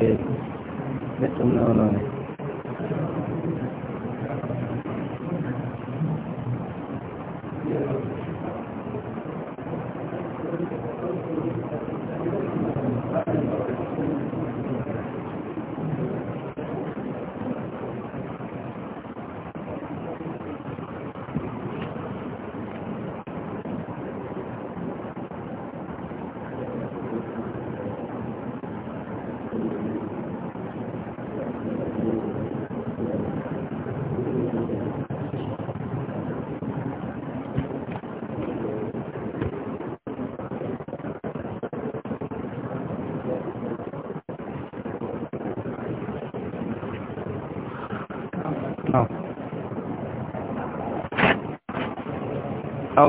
eh da ne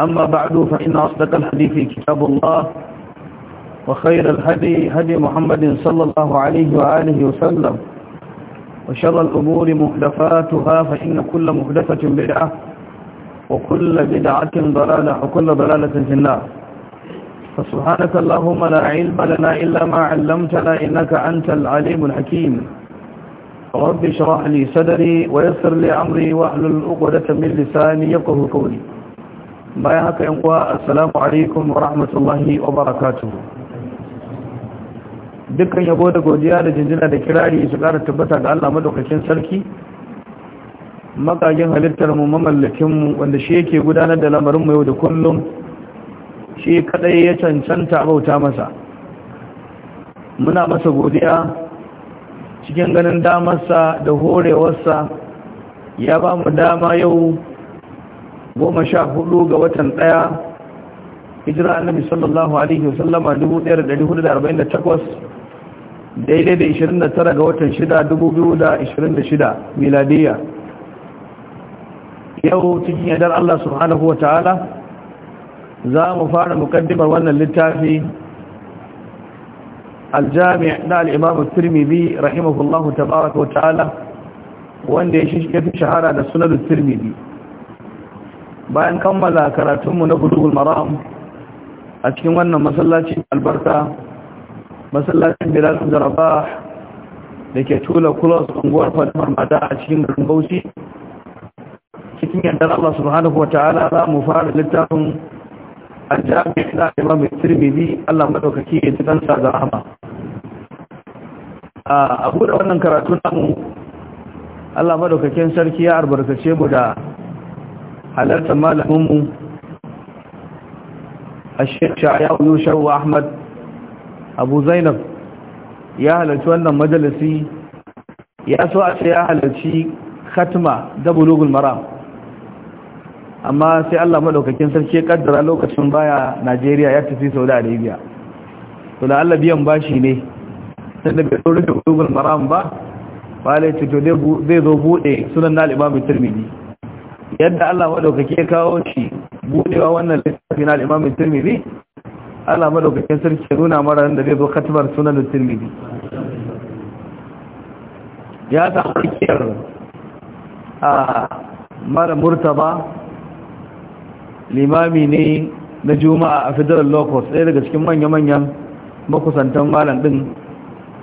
أما بعد فإن أصدق الحديث كتاب الله وخير الهدي هدي محمد صلى الله عليه وآله وسلم وشر الأمور محدثاتها فإن كل محدثة بدعة وكل بدعة ضلالة وكل ضلالة في النار فسبحانك اللهم لا علم لنا إلا ما علمتنا إنك أنت العليم الحكيم رب اشرح لي صدري ويسر لي أمري واحلل عقدة من لساني يفقهوا قولي bayan haka yan uwa assalamu alaikum wa rahmatullahi wa barakatuh dukkan yabo da godiya da jinjina da kirari su kara tabbata ga Allah madaukakin sarki makagin halittar mu mamallakin mu wanda shi yake gudanar da lamarin mu yau da kullum shi kadai ya cancanta bauta masa muna masa godiya cikin ganin damarsa da horewarsa ya ba mu dama yau goma sha hudu ga watan ɗaya hijira annabi sallallahu alaihi wasallama 1448 daidai da 29 ga watan 6 2026 miladiya yau cikin yadar Allah subhanahu wa ta'ala za mu fara mukaddimar wannan littafi aljami na al'imam turmidi rahimahullahu tabaraka wa ta'ala wanda ya fi shahara da sunan turmidi bayan kammala karatunmu na gudugun maram a cikin wannan masallaci albarka masallacin bilal zaraba da ke tula kulos unguwar fatimar mata a cikin garin bauchi cikin yadda Allah subhanahu wa ta'ala za mu fara littafin aljami da imam tirmidhi Allah madaukaki ya tsansa da za a abu da wannan karatun namu Allah madaukakin sarki ya albarkace mu da halarta malaminmu a shaya yushawu ahmad abu zainab ya halarci wannan majalisi ya so a ce ya halarci khatma da bulugul maram amma sai Allah madaukakin sarki kaddara lokacin baya Najeriya ya tafi Saudi Arabia to da Allah biyan bashi ne sai da bai rufe bulugul maram ba wale to zai zo bude sunan na Limamin Tirmidhi yadda Allah madaukake kawo shi budewa wannan littafi na al-Imam Tirmidhi Allah madaukake sarki ya nuna mara da zai zo katibar sunan Tirmidhi ya ta hakiyar a mara murtaba limami ne na juma'a a federal court sai daga cikin manya-manyan makusantan malam ɗin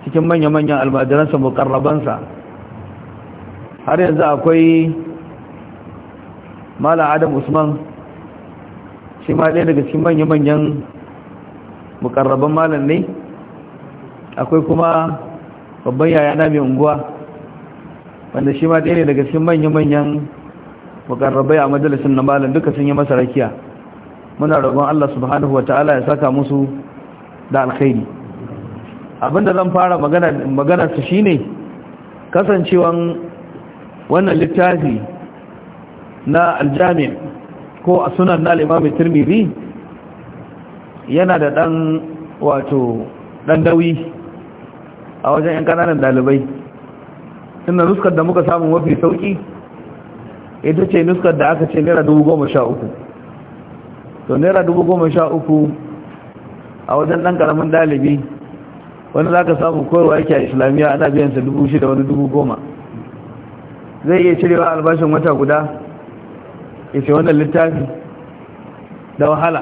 cikin manya-manyan almajiransa mukarrabansa har yanzu akwai mala adam usman shi ma ɗaya daga cikin manya-manyan mukarraban malam ne akwai kuma babban yaya na mai unguwa wanda shi ma ɗaya ne daga cikin manya-manyan mukarrabai a majalisun na malam duka sun yi masa rakiya muna roƙon Allah subhanahu wa ta'ala ya saka musu da alkhairi abinda zan fara magana magana su shine kasancewan wannan littafi na aljami ko a sunan na limami tirmidhi yana da dan wato dan dawi a wajen yan kananan dalibai inda nuskar da muka samu mafi sauki ita ce nuskar da aka ce sha uku. to sha uku a wajen dan karamin dalibi wani za ka samu koyarwa yake a islamiyya ana biyansa dubu shida wani dubu goma zai iya cirewa albashin wata guda yace wannan littafi da wahala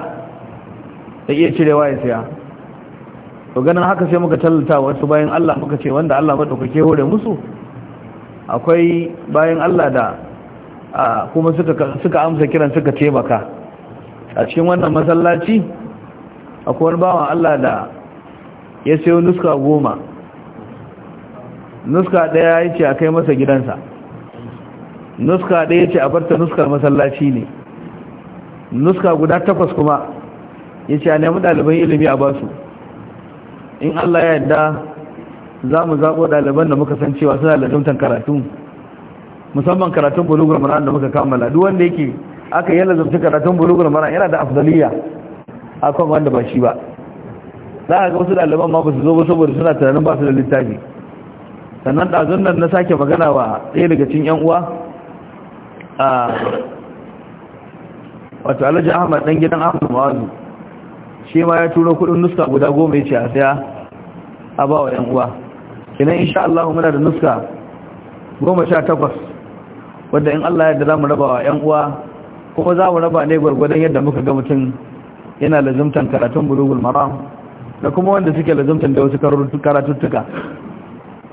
da iya cirewa ya siya to ganin haka sai muka tallata wasu bayan Allah muka ce wanda Allah madaukake hore musu akwai bayan Allah da kuma suka amsa kiran suka taimaka a cikin wannan masallaci akwai wani bawan Allah da ya sayo nuska goma nuska daya ya ce a kai masa gidansa nuska ɗaya ce a farta nuskar masallaci ne nuska guda takwas kuma ya ce a nemi ɗaliban ilimi a basu in allah ya yadda za mu zaɓo ɗaliban da muka san cewa suna lalumtan karatu musamman karatun bulugur mara da muka kammala duk wanda yake aka yi lalumta karatun bulugur mara yana da afdaliya kan wanda ba shi ba za a ga wasu ɗaliban ma ba su zo ba saboda suna tunanin ba su da littafi sannan ɗazun na sake magana wa ɗaya daga cikin 'yan uwa wato alhaji ahmad dan gidan ahmad mawazu shi ma ya turo kudin nuska guda goma ya ce a saya a ba wa 'yan uwa kinan insha Allah muna da nuska goma sha takwas wadda in Allah yadda za mu raba wa 'yan uwa kuma za mu raba ne gwargwadon yadda muka ga mutum yana lazumtan karatun bulugul maram da kuma wanda suke lazumtan da wasu karatuttuka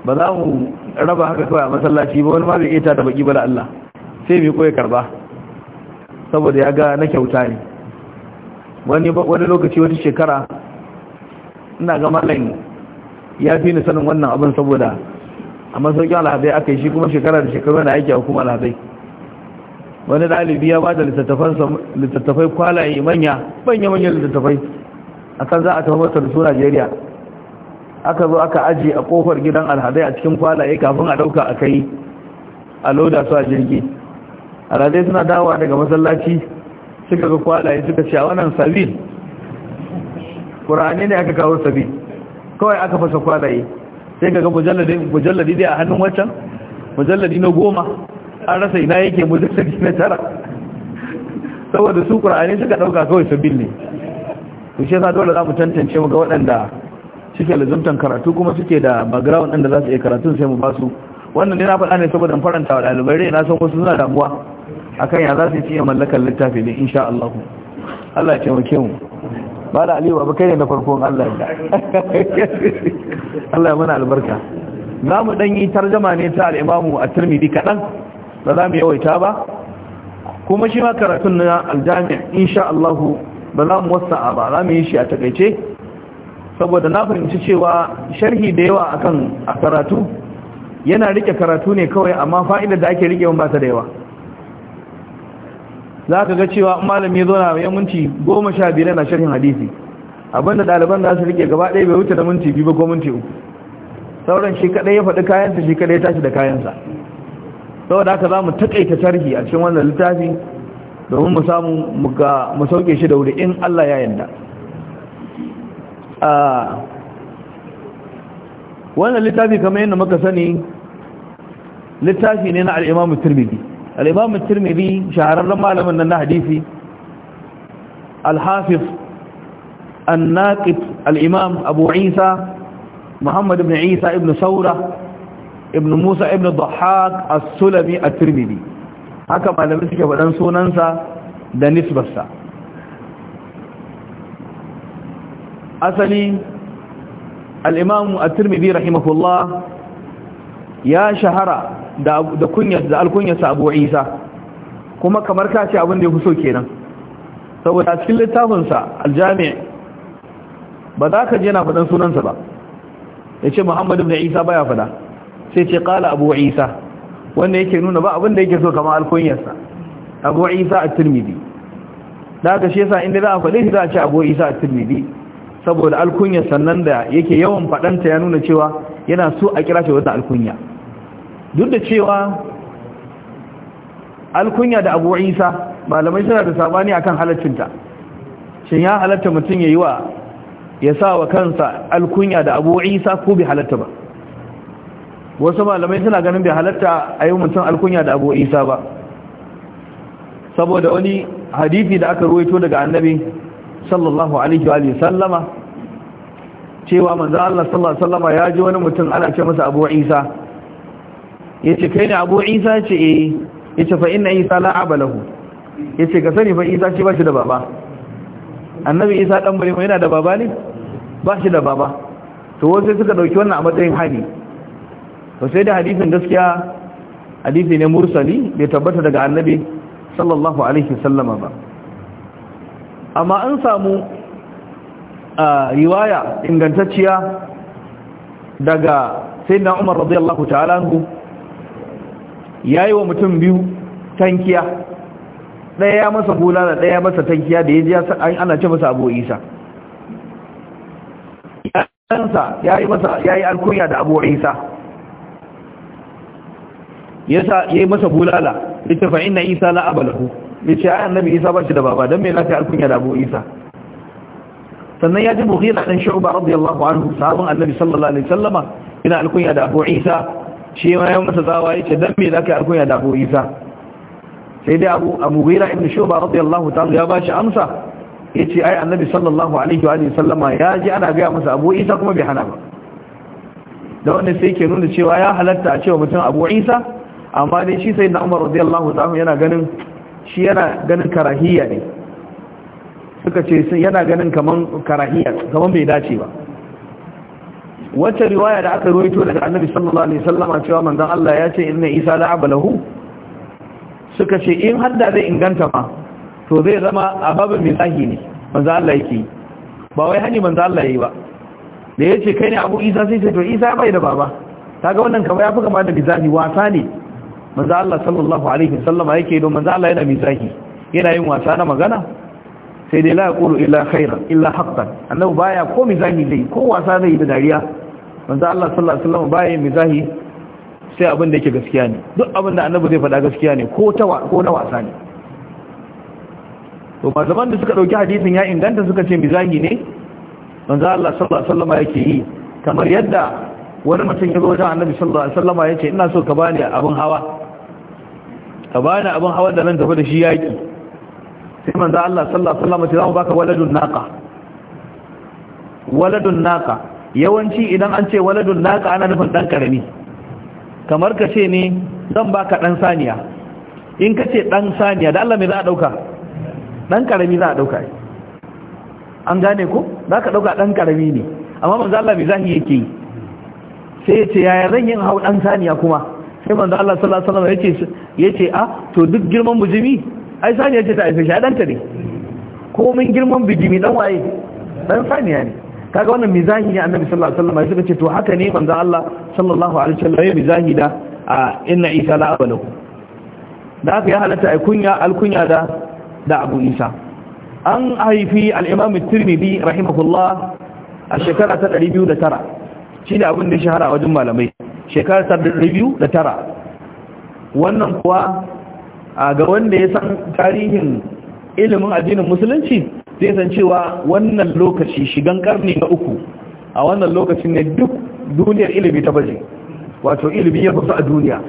ba za mu raba haka kawai a masallaci ba wani ma bai iya ta da baki ba da Allah sai mai koya karba saboda ya ga na kyauta ne wani lokaci wata shekara ina ga malayin ya fi ni sanin wannan abin saboda a masaukin alhazai aka yi shi kuma shekara da shekaru na aiki a hukumar alhazai wani dalibi ya ba da littattafai kwalaye manya manya manya littattafai kan za a tafi masa da su najeriya aka zo aka aji a kofar gidan alhazai a cikin kwalaye kafin a ɗauka a kai a loda su a jirgi a suna dawa daga masallaci suka ga kwalaye suka ce a wannan sabil ƙura'ani ne aka kawo sabil kawai aka fasa kwalaye sai ga mujalladi dai a hannun waccan mujalladi na goma an rasa ina yake mujalladi na tara saboda su ƙura'ani suka ɗauka kawai sabil ne kushe sa dole za mu tantance mu ga waɗanda suke lazumtan karatu kuma suke da background ɗin da za su iya karatun sai mu ba su wannan ne na faɗa ne saboda faranta wa ɗalibai rai na san wasu suna damuwa akan ya za su ci mallakar littafi ne insha Allah Allah ce muke mu ba da aliyu abu kai ne na farkon Allah da Allah ya mana albarka za mu ɗan yi tarjama ne ta al'imamu a turmidi kaɗan ba za mu yawaita ba kuma shi ma karatun na aljami'a insha Allah ba za mu wasa ba za mu yi shi a takaice saboda na fahimci cewa sharhi da yawa akan a karatu yana rike karatu ne kawai amma fa'idar da ake rike ba ta da yawa za ka ga cewa malami zo na ya minti goma sha biyar na sharhin hadisi abinda ɗaliban za su rike gaba ɗaya bai wuce da minti biyu ba ko minti uku sauran shi kaɗai ya faɗi kayansa shi kaɗai ya tashi da kayansa saboda haka za mu taƙaita sharhi a cikin wannan littafi domin mu samu mu sauke shi da wuri in Allah ya yarda wannan littafi kamar yadda muka sani littafi ne na al'imamu turmidi الإمام الترمذي شعر لما لم أن النهديثي الحافظ الناقد الإمام أبو عيسى محمد بن عيسى ابن ثورة ابن موسى ابن الضحاك السلمي الترمذي حكم على مسك فلنسو ننسى دنس بسا أسلي الإمام الترمذي رحمه الله يا شهرة da kunyar da alkunyarsa abu isa kuma kamar ka ce abin da ya fi so kenan saboda cikin littafinsa aljami ba za ka je na sunan sunansa ba ya ce ibn da isa baya faɗa sai ce qala abu isa wanda yake nuna ba abin da yake so kamar alkunyarsa abu isa a tirmidhi da aka shi yasa inda za a fadi shi za a ce abu isa a tirmidhi saboda alkunyar sannan da yake yawan faɗanta ya nuna cewa yana so a kira shi wata alkunya duk da cewa alkunya da abu isa malamai suna da sabani akan halaccinta shin ya halatta mutum ya yi wa ya sa wa kansa alkunya da abu isa ko bai halatta ba wasu malamai suna ganin bai halatta a yi mutum alkunya da abu isa ba saboda wani hadithi da aka ruwaito daga annabi sallallahu alaihi wa sallama cewa manzo Allah sallallahu alaihi wa sallama ya ji wani mutum ana ce masa abu isa yace kai ne abu isa ce eh yace fa inna isa la abalahu yace ka sani fa isa ce ba shi da baba annabi isa dan bare yana da baba ne ba shi da baba to wasu suka dauki wannan a matsayin hadi to sai da hadisin gaskiya hadisi ne mursali bai tabbata daga annabi sallallahu alaihi wasallama ba amma an samu riwaya ingantacciya daga sayyidina Umar radiyallahu ta'ala anhu ya yi wa mutum biyu tankiya ɗaya ya masa hula da ɗaya masa tankiya da ya ji ana ce masa abu isa ɗansa ya yi masa ya yi alkunya da abu isa ya yi masa bulala ita fa'in na isa na abalahu ya ce ayan nabi isa ba shi da baba don mai lafi alkunya da abu isa sannan ya ji buhira ɗan shu'uba radiyallahu anhu sahabin annabi sallallahu alaihi sallama ina alkunya da abu isa shi ma ya masa tsawa ya ce dan me zaka yi alkunya da Abu Isa sai dai Abu Abu Hurairah ibn Shuba radiyallahu ta'ala ya bashi amsa yace ai Annabi sallallahu alaihi wa alihi sallama ya ji ana ga masa Abu Isa kuma bai hana ba da wannan sai ke nuna cewa ya halatta a cewa mutum Abu Isa amma dai shi sai na Umar radiyallahu ta'ala yana ganin shi yana ganin karahiya ne suka ce yana ganin kaman karahiya kaman bai dace ba wacce riwaya da aka ruwaito daga annabi sallallahu alaihi wasallam cewa manzon Allah ya ce inna isa la'aba lahu suka ce in hadda zai inganta ma to zai zama a misahi ne manzon Allah yake ba wai hani manzon Allah yayi ba da yace kai ne abu isa sai ce to isa bai da baba kaga wannan kamar ya fi kama da misahi wasa ne manzon Allah sallallahu alaihi wasallam yake don manzon Allah yana misahi yana yin wasa na magana sai dai la yaqulu illa khairan illa haqqan annabi baya ko misahi dai ko wasa zai yi da dariya manzo Allah sallallahu alaihi wasallam baya mizahi sai abin da yake gaskiya ne duk abin da annabi zai faɗa gaskiya ne ko ta ko na wasa ne to malaman da suka dauki hadisin ya inganta suka ce mizahi ne manzo Allah sallallahu alaihi wasallam yake yi kamar yadda wani mutum ya zo wajen annabi sallallahu alaihi wasallam yace ina so ka bani abin hawa ka bani abin hawa da nan tafi da shi yaki sai manzo Allah sallallahu alaihi wasallam ya ce mu baka waladun naqa waladun naqa yawanci idan an ce waladun naka ana nufin dan karami kamar ka ce ne zan baka dan saniya in ka ce dan saniya da Allah me za a dauka dan karami za a dauka an gane ku za ka dauka dan karami ne amma manzo Allah me zahi yake yi sai yace ce yaya zan yin hau dan saniya kuma sai manzo Allah sallallahu alaihi wasallam yace yace a ah, to duk girman bujimi ai saniya ce ta aife shi dan ta ne komin girman bujimi dan waye dan saniya ne kaga wannan mizahi ne annabi sallallahu alaihi wasallam suka ce to haka ne manzo Allah sallallahu alaihi wasallam ya mizahi da inna isa la abalahu da aka ya halatta ai kunya alkunya da da abu isa an haifi al-imam at-tirmidhi rahimahullah a shekara ta 209 shine abin da shahara wajen malamai shekara ta 209 wannan kuwa ga wanda ya san tarihin ilimin addinin musulunci zai san cewa wannan lokaci shigan karni na uku a wannan lokacin ne duk duniyar ilimi ta baje wato ilimi ya fasa a duniya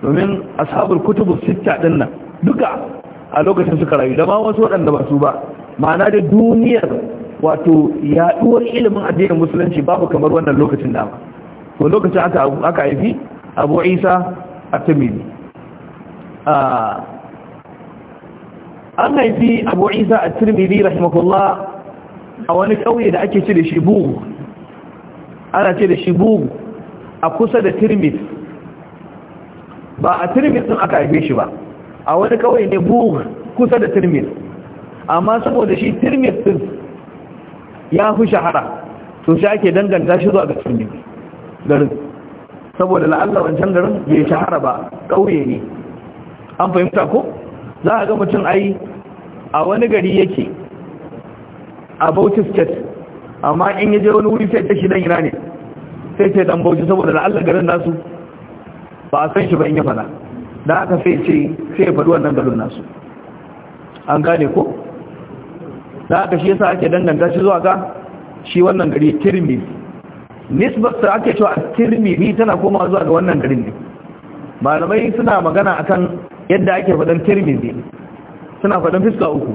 domin ashabul kutubu sitta din nan duka a lokacin suka rayu da ma wasu waɗanda ba su ba ma'ana da duniyar wato yaɗuwar ilimin addinin musulunci babu kamar wannan lokacin dama to lokacin aka aka haifi abu isa at a ah, an haifi abu isa a tirmidhi rahimahullah a wani kauye da ake ce da shi bugu ana ce da shi bugu a kusa da tirmidh ba a tirmidh din aka haife shi ba a wani kauye ne bu kusa da tirmidh amma saboda shi tirmidh din ya fi shahara to shi ake danganta shi zuwa ga tirmidh garin saboda la'alla wancan garin bai shahara ba kauye ne an fahimta ko za a ga mutum ai a wani gari yake a bautis state amma in yaje wani wuri sai ta shi dan ina ne sai ce dan bauchi saboda Allah garin nasu ba a san shi ba in ya fada da aka sai ce sai ya faɗi wannan garin nasu an gane ko da aka shi yasa ake danganta shi zuwa ga shi wannan gari tirmi nisbar sa ake cewa tirmidhi tana komawa zuwa ga wannan garin ne malamai suna magana akan yadda ake faɗan tirmidhi suna faɗan fiska uku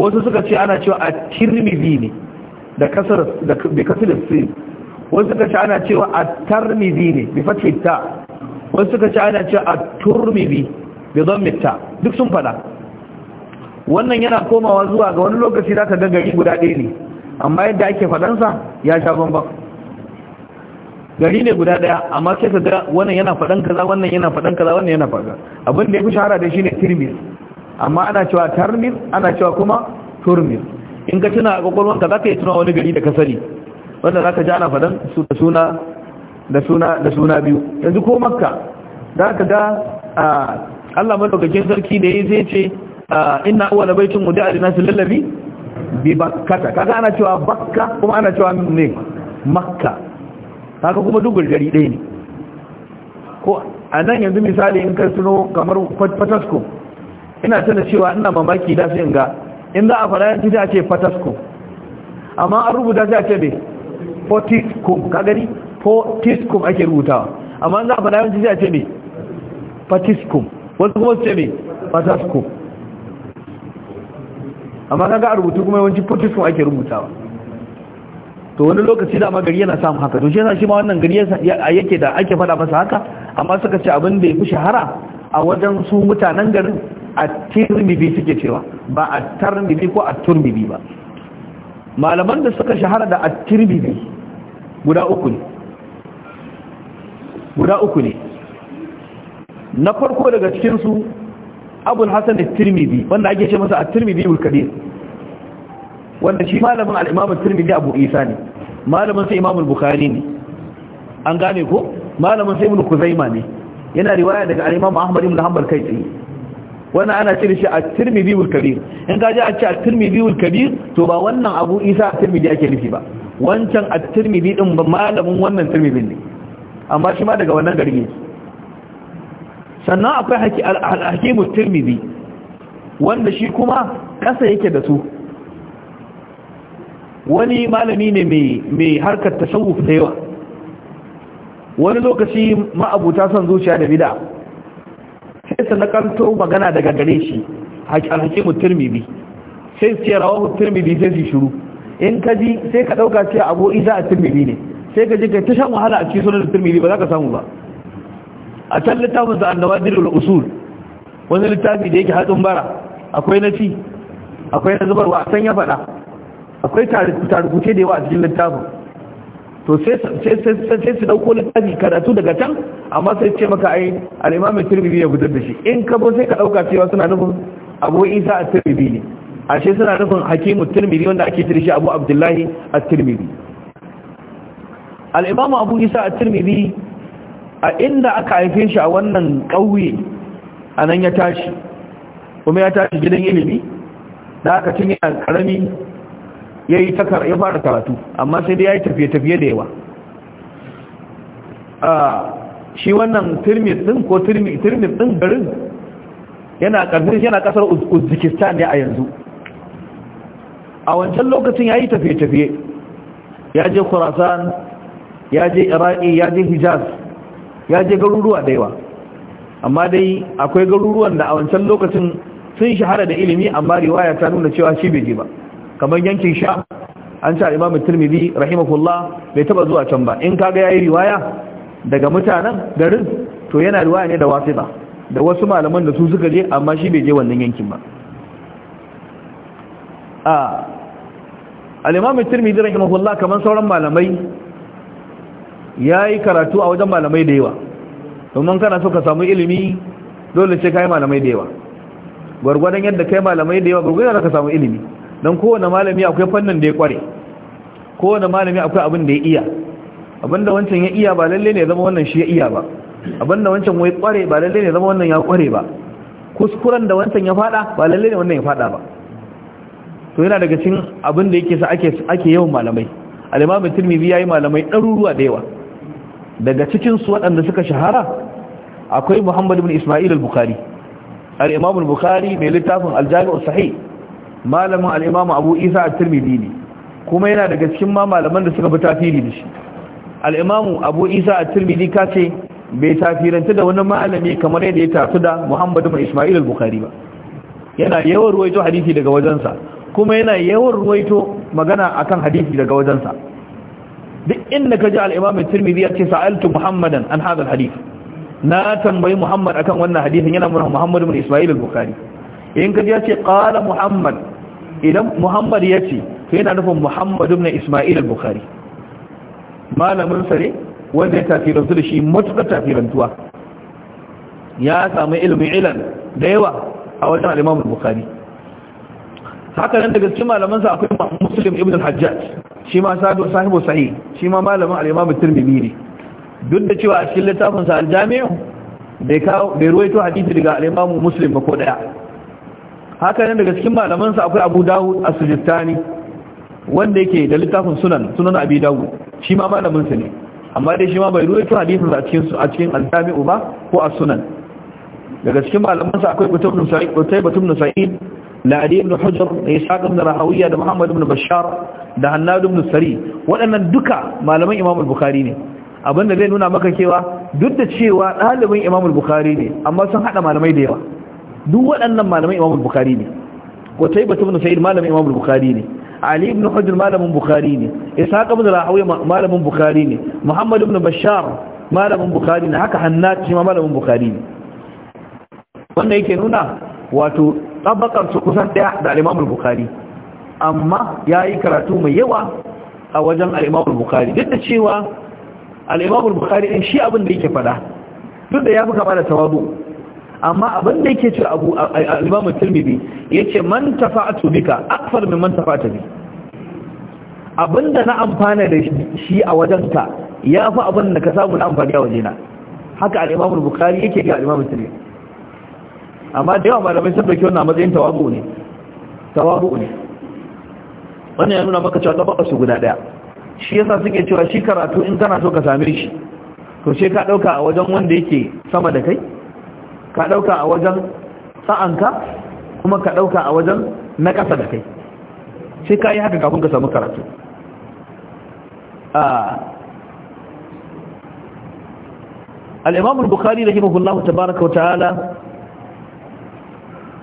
wasu suka ce ana cewa a tirmidhi ne da kasar da bi kasar sin wasu suka ce ana cewa a tarmizi ne bi fathi ta wasu suka ce ana cewa a turmidhi bi dhammi ta duk sun faɗa wannan yana komawa zuwa ga wani lokaci ka ga gari guda ɗaya ne amma yadda ake faɗansa ya sha bambam gari ne guda daya amma sai ka ga wannan yana faɗan kaza wannan yana faɗan kaza wannan yana faɗa abin da ya fi shahara da shi ne tirmis amma ana cewa tarmis ana cewa kuma turmis in ka tuna a kwakwalwanka za ka yi tuna wani gari da ka sani wanda za ka ji ana faɗan su da suna da suna da suna biyu yanzu ko makka za ka ga allah madaukakin sarki da ya zai ce inna awwala baitin wudi'a lin-nasi lallabi bi bakkata kaga ana cewa bakka kuma ana cewa ne makka haka kuma duk gari ɗaya ne ko a nan yanzu misali in kai suno kamar fatasko ina tana cewa ina mamaki da su inga in za a fara yanzu da ce fatasko amma an rubuta sai a ce be fortiskum ka gani fortiskum ake rubutawa amma za a fara yanzu sai a ce be fatiskum wasu kuma su ce be fatasko amma kaga a rubutu kuma yawanci fortiskum ake rubutawa to wani lokaci da magari yana samun haka to shi yasa shi ma wannan gari yake da ake faɗa masa haka amma suka ce abin da ya fi shahara a wajen su mutanen garin a turmibi suke cewa ba a tarmibi ko a turmibi ba malaman da suka shahara da a turmibi guda uku ne guda uku ne na farko daga cikinsu abul hassan da turmibi, wanda ake ce masa a turmibi ulkadir wanda shi malamin al'imamu turmidi abu isa ne malamin sai imamu bukhari ne an gane ko malamin sai ibn kuzaima ne yana riwaya daga al-imam ahmad ibn hanbal kai tsaye wannan ana cire shi a tirmidhi wal kabir in ka ji a ce a tirmidhi wal kabir to ba wannan abu isa a tirmidhi ake nufi ba wancan a tirmidhi din malamin wannan tirmidhi ne amma shi ma daga wannan gari ne sannan akwai hakimu tirmidhi wanda shi kuma kasa yake da su wani malami ne mai harkar tasawuf da yawa wani lokaci ma'abuta son zuciya da bida sai su kanto magana daga gare shi alhaki turmibi sai su ce rawahu turmibi sai su shuru in ka ji sai ka ɗauka ce abu iza a turmibi ne sai ka ji ka ta shan wahala a cikin sunan turmibi ba za ka samu ba a can littafin sa annawa dirul usul wani littafi da yake hatsin bara akwai na ci akwai na zubarwa a san ya faɗa akwai tarukuce da yawa a cikin littafin to sai su dauko littafi karatu daga can amma sai ce maka ai al'imamin tirmidhi ya fitar da shi in ka bo sai ka dauka cewa suna nufin abu isa a tirmidhi ne ashe suna nufin hakimu tirmidhi wanda ake shi abu abdullahi a tirmidhi al'imam abu isa a tirmidhi a inda aka haife shi a wannan ƙauye a nan ya tashi kuma ya tashi gidan ilimi da aka cinye a karami ya yi takar ya fara karatu amma sai dai ya yi tafiye-tafiye da yawa shi wannan turmis din ko turmis din garin yana karfin yana kasar uzbekistan ne a yanzu a wancan lokacin ya yi tafiye-tafiye ya je khurasan ya je iraki ya je hijaz ya je garuruwa da yawa amma dai akwai garuruwan da a wancan lokacin sun shahara da ilimi amma riwaya ta nuna cewa shi bai je ba kamar yankin sha an ce imam tirmidhi rahimahullah bai taba zuwa can ba in kaga yayi riwaya daga mutanen garin to yana riwaya ne da wasiba da wasu malaman da su suka je amma shi bai je wannan yankin ba a al-imam tirmidhi rahimahullah kamar sauran malamai yayi karatu a wajen malamai da yawa domin kana so ka samu ilimi dole sai kai malamai da yawa gwargwadon yadda kai malamai da yawa gwargwadon ka samu ilimi don kowane malami akwai fannin da ya kware kowane malami akwai abin da ya iya abinda wancan ya iya ba lalle ne zama wannan shi ya iya ba abinda wancan wai kware ba lalle ne zama wannan ya kware ba kuskuren da wancan ya fada ba lalle ne wannan ya fada ba to yana daga cikin abin da yake sa ake ake yawan malamai al-imamu tirmidhi yayi malamai daruruwa da yawa daga cikin su waɗanda suka shahara akwai muhammad ibn isma'il al-bukhari al-imamu al-bukhari mai littafin al as sahih malamin al'imamu abu isa a tirmidhi ne kuma yana daga cikin ma malaman da suka fi tafiri da shi al'imamu abu isa a at ka ce bai tafiranta da wani malami kamar yadda ya tafi da muhammadu bin isma'il al-bukhari ba yana yawan ruwaito hadisi daga wajensa kuma yana yawan ruwaito magana a kan hadisi daga wajensa duk inda ka al al'imamu at-tirmidhi ya ce sa'altu muhammadan an haɗa al na tambayi muhammad akan wannan hadisin yana mun muhammad bin isma'il al-bukhari in ka kaji ya ce ƙala muhammad idan muhammad ya ce to yana nufin muhammad ibn isma'il al-bukhari malamin sare wanda ya tafirantu da shi matuƙar tafirantuwa ya samu ilimin ilan da yawa a wajen al-imam al-bukhari haka nan daga cikin malaman sa akwai muslim ibn al-hajjaj shi ma sahibu sahi shi ma malamin al-imam at-tirmidhi ne duk da cewa a cikin littafin sa al-jami' bai kawo bai ruwaito hadisi daga al-imam muslim ba ko daya haka nan daga cikin malamansa akwai abu dawud a sujistani wanda yake da littafin sunan sunan abi dawud shi ma malaminsa ne amma dai shi ma bai ruwaito hadisin a cikin a cikin al-jami'u ba ko a sunan daga cikin malamansa akwai ibn sa'id ibn sa'id da ali ibn hujr da ishaq ibn rahawiya da muhammad ibn bashar da hannad ibn sari waɗannan duka malaman imam al-bukhari ne abinda zai nuna maka cewa duk da cewa ɗalibin imam al-bukhari ne amma sun haɗa malamai da yawa duk waɗannan malamai imam bukari ne qutayba ibn sa'id malamin imam bukari ne ali ibn hujr malamin bukari ne isa ishaq da rahawi malamin bukari ne muhammad ibn bashar malamin bukari ne haka hannat shi malamin bukari ne wannan yake nuna wato tabakar su kusan ɗaya da al bukari, amma ya yi karatu mai yawa a wajen al bukari, duk da cewa al bukari bukhari shi abin da yake fada duk da ya fi kama da tawadu amma abin da yake ce abu al-imam ya yace man tafa'atu bika akfar min man tafa'ata bi abinda na amfana da shi a ya yafi abin da ka samu na amfani a wajena haka al-imam bukhari yake ga al-imam tirmidhi amma da yawa malamai sun dauki wannan matsayin tawabu ne tawabu ne wannan ya nuna maka cewa tabaka su guda daya shi yasa suke cewa shi karatu in kana so ka same shi to sai ka dauka a wajen wanda yake sama da kai ka ɗauka a wajen sa'anka kuma ka ɗauka a wajen na ƙasa da kai sai ka yi haka kafin ka samu karatu Bukari da الإمام البخاري رحمه Ta'ala, تبارك وتعالى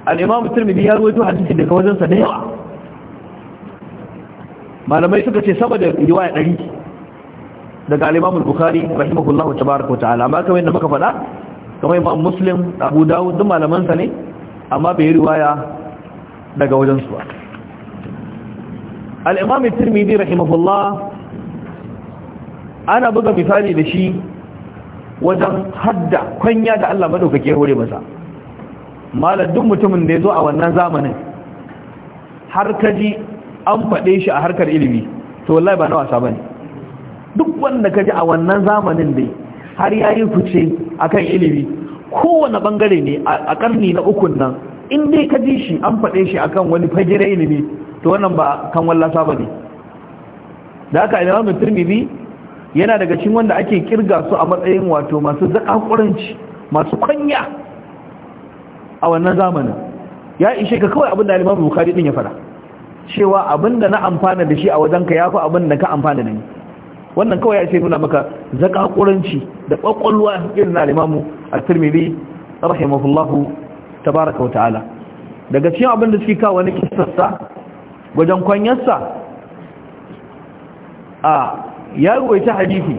الإمام الترمذي يروي daga wajensa da yawa malamai suka ce sama yiwa riwaya ɗari daga al Bukari al-Bukhari rahimahullahu tabaaraka wa ta'ala amma kamar yadda maka faɗa kamar imam muslim abu dawud duk malamansa ne amma bai riwaya daga wajensu ba al-imam tirmidhi rahimahullah ana buga misali da shi wajen hadda kwanya da Allah madaukake hore masa malar duk mutumin da ya zo a wannan zamanin har kaji an faɗe shi a harkar ilimi to wallahi ba na wasa bane duk wanda kaji a wannan zamanin dai har ya yi fice a kan ilimi kowane bangare ne a karni na ukun nan in dai ka ji shi an faɗe shi a kan wani fage ilimi to wannan ba kan wallasa ba ne da aka haka imamu turmizi yana daga cikin wanda ake kirga su a matsayin wato masu ƙuranci masu kwanya a wannan zamanin ya ishe ka kawai abin da imamu bukari din ya fara cewa abin da na amfana da shi a wajenka ya fi abin da ka amfana da ni wannan kawai ya ce nuna maka zakakuranci da kwakwalwa irin na alimamu a tirmidhi rahimahullahu tabaraka wa ta'ala daga cikin abin da suke kawo wani kissarsa wajen kwanyarsa a ya ta hadisi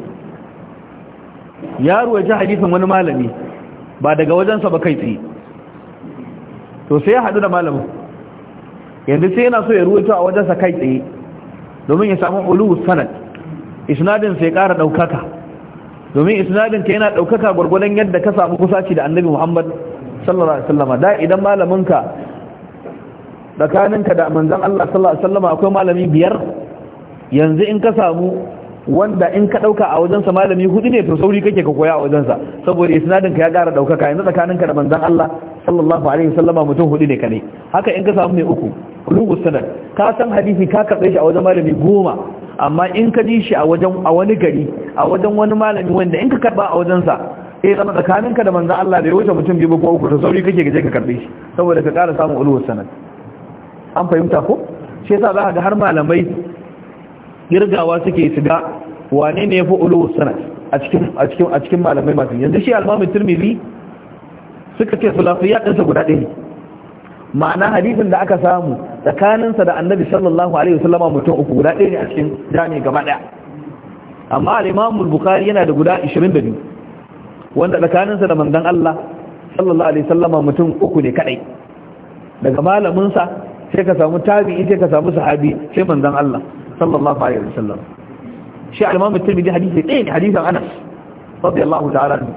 ya ta hadifin wani malami ba daga wajensa ba kai tsaye to sai ya haɗu da malamin yanzu sai yana so ya ta a wajensa kai tsaye domin ya samu ulu sanad isnadin sai ƙara ɗaukaka domin isnadin ka yana ɗaukaka gwargwadon yadda ka samu kusaci da annabi muhammad sallallahu alaihi wasallam da idan malaminka tsakaninka da manzon Allah sallallahu alaihi wasallam akwai malami biyar yanzu in ka samu wanda in ka dauka a wajensa malami hudu ne to sauri kake ka koya a wajensa saboda isnadin ka ya ƙara ɗaukaka yanzu tsakaninka da manzon Allah sallallahu alaihi wasallam mutum hudu ne kane haka in ka samu mai uku rubu sanad ka san hadisi ka karbe shi a wajen malami goma amma in ka ji shi a wajen a wani gari a wajen wani malami wanda in ka karba a wajensa eh zama tsakaninka da manzon Allah da ya wuce mutum biyu ko uku to sauri kake gaje ka karbe shi saboda ka ƙara samun ulul sanad an fahimta ko shi yasa za ga har malamai girgawa suke shiga wane ne yafi ulul sanad a cikin a cikin a cikin malamai masu yanzu shi al-Imam Tirmidhi suka ce sulafiyya ɗinsa guda ɗaya ma'ana hadisin da aka samu tsakaninsa da annabi sallallahu alaihi wasallama mutum uku guda ɗaya ne a cikin jami gaba ɗaya amma al'imamu bukari yana da guda ishirin da biyu. wanda tsakaninsa da mandan Allah sallallahu alaihi wasallama mutum uku ne kaɗai daga malaminsa sai ka samu tabi'i sai ka samu sahabi sai mandan Allah sallallahu alaihi wasallam shi al'imamu tirmidhi hadisi ɗaya ne hadisin Anas radiyallahu ta'ala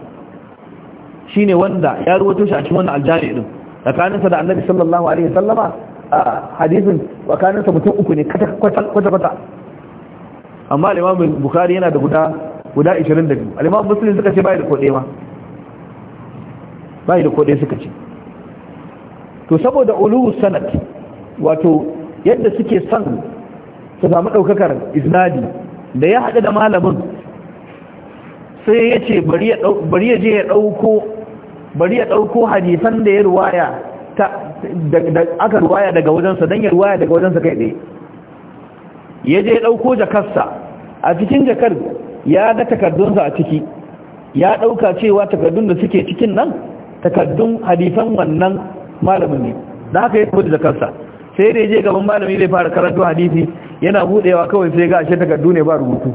shine wanda ya ruwato shi a cikin wannan aljami tsakaninsa da annabi sallallahu alaihi sallama a hadisin tsakaninsa mutum uku ne kwata-kwata amma alimamin bukari yana da guda guda 22 alimamin musulun suka ce bai da kode ma bai da kode suka ce to saboda ulu sanad wato yadda suke son su samu daukakar isnadi da ya haɗu da malamin sai ya ce bari ya je ya ɗauko bari ya ɗauko hadisan da ya ruwaya aka ruwaya daga wajensa don ya ruwaya daga wajensa kai ɗaya ya je ya ɗauko jakarsa a cikin jakar ya ga takardunsa a ciki ya ɗauka cewa takardun da suke cikin nan takardun hadisan wannan malamin ne da haka ya tafi jakarsa sai da ya je gaban malami zai fara karatu hadisi yana buɗewa kawai sai ga ashe takardu ne ba rubutu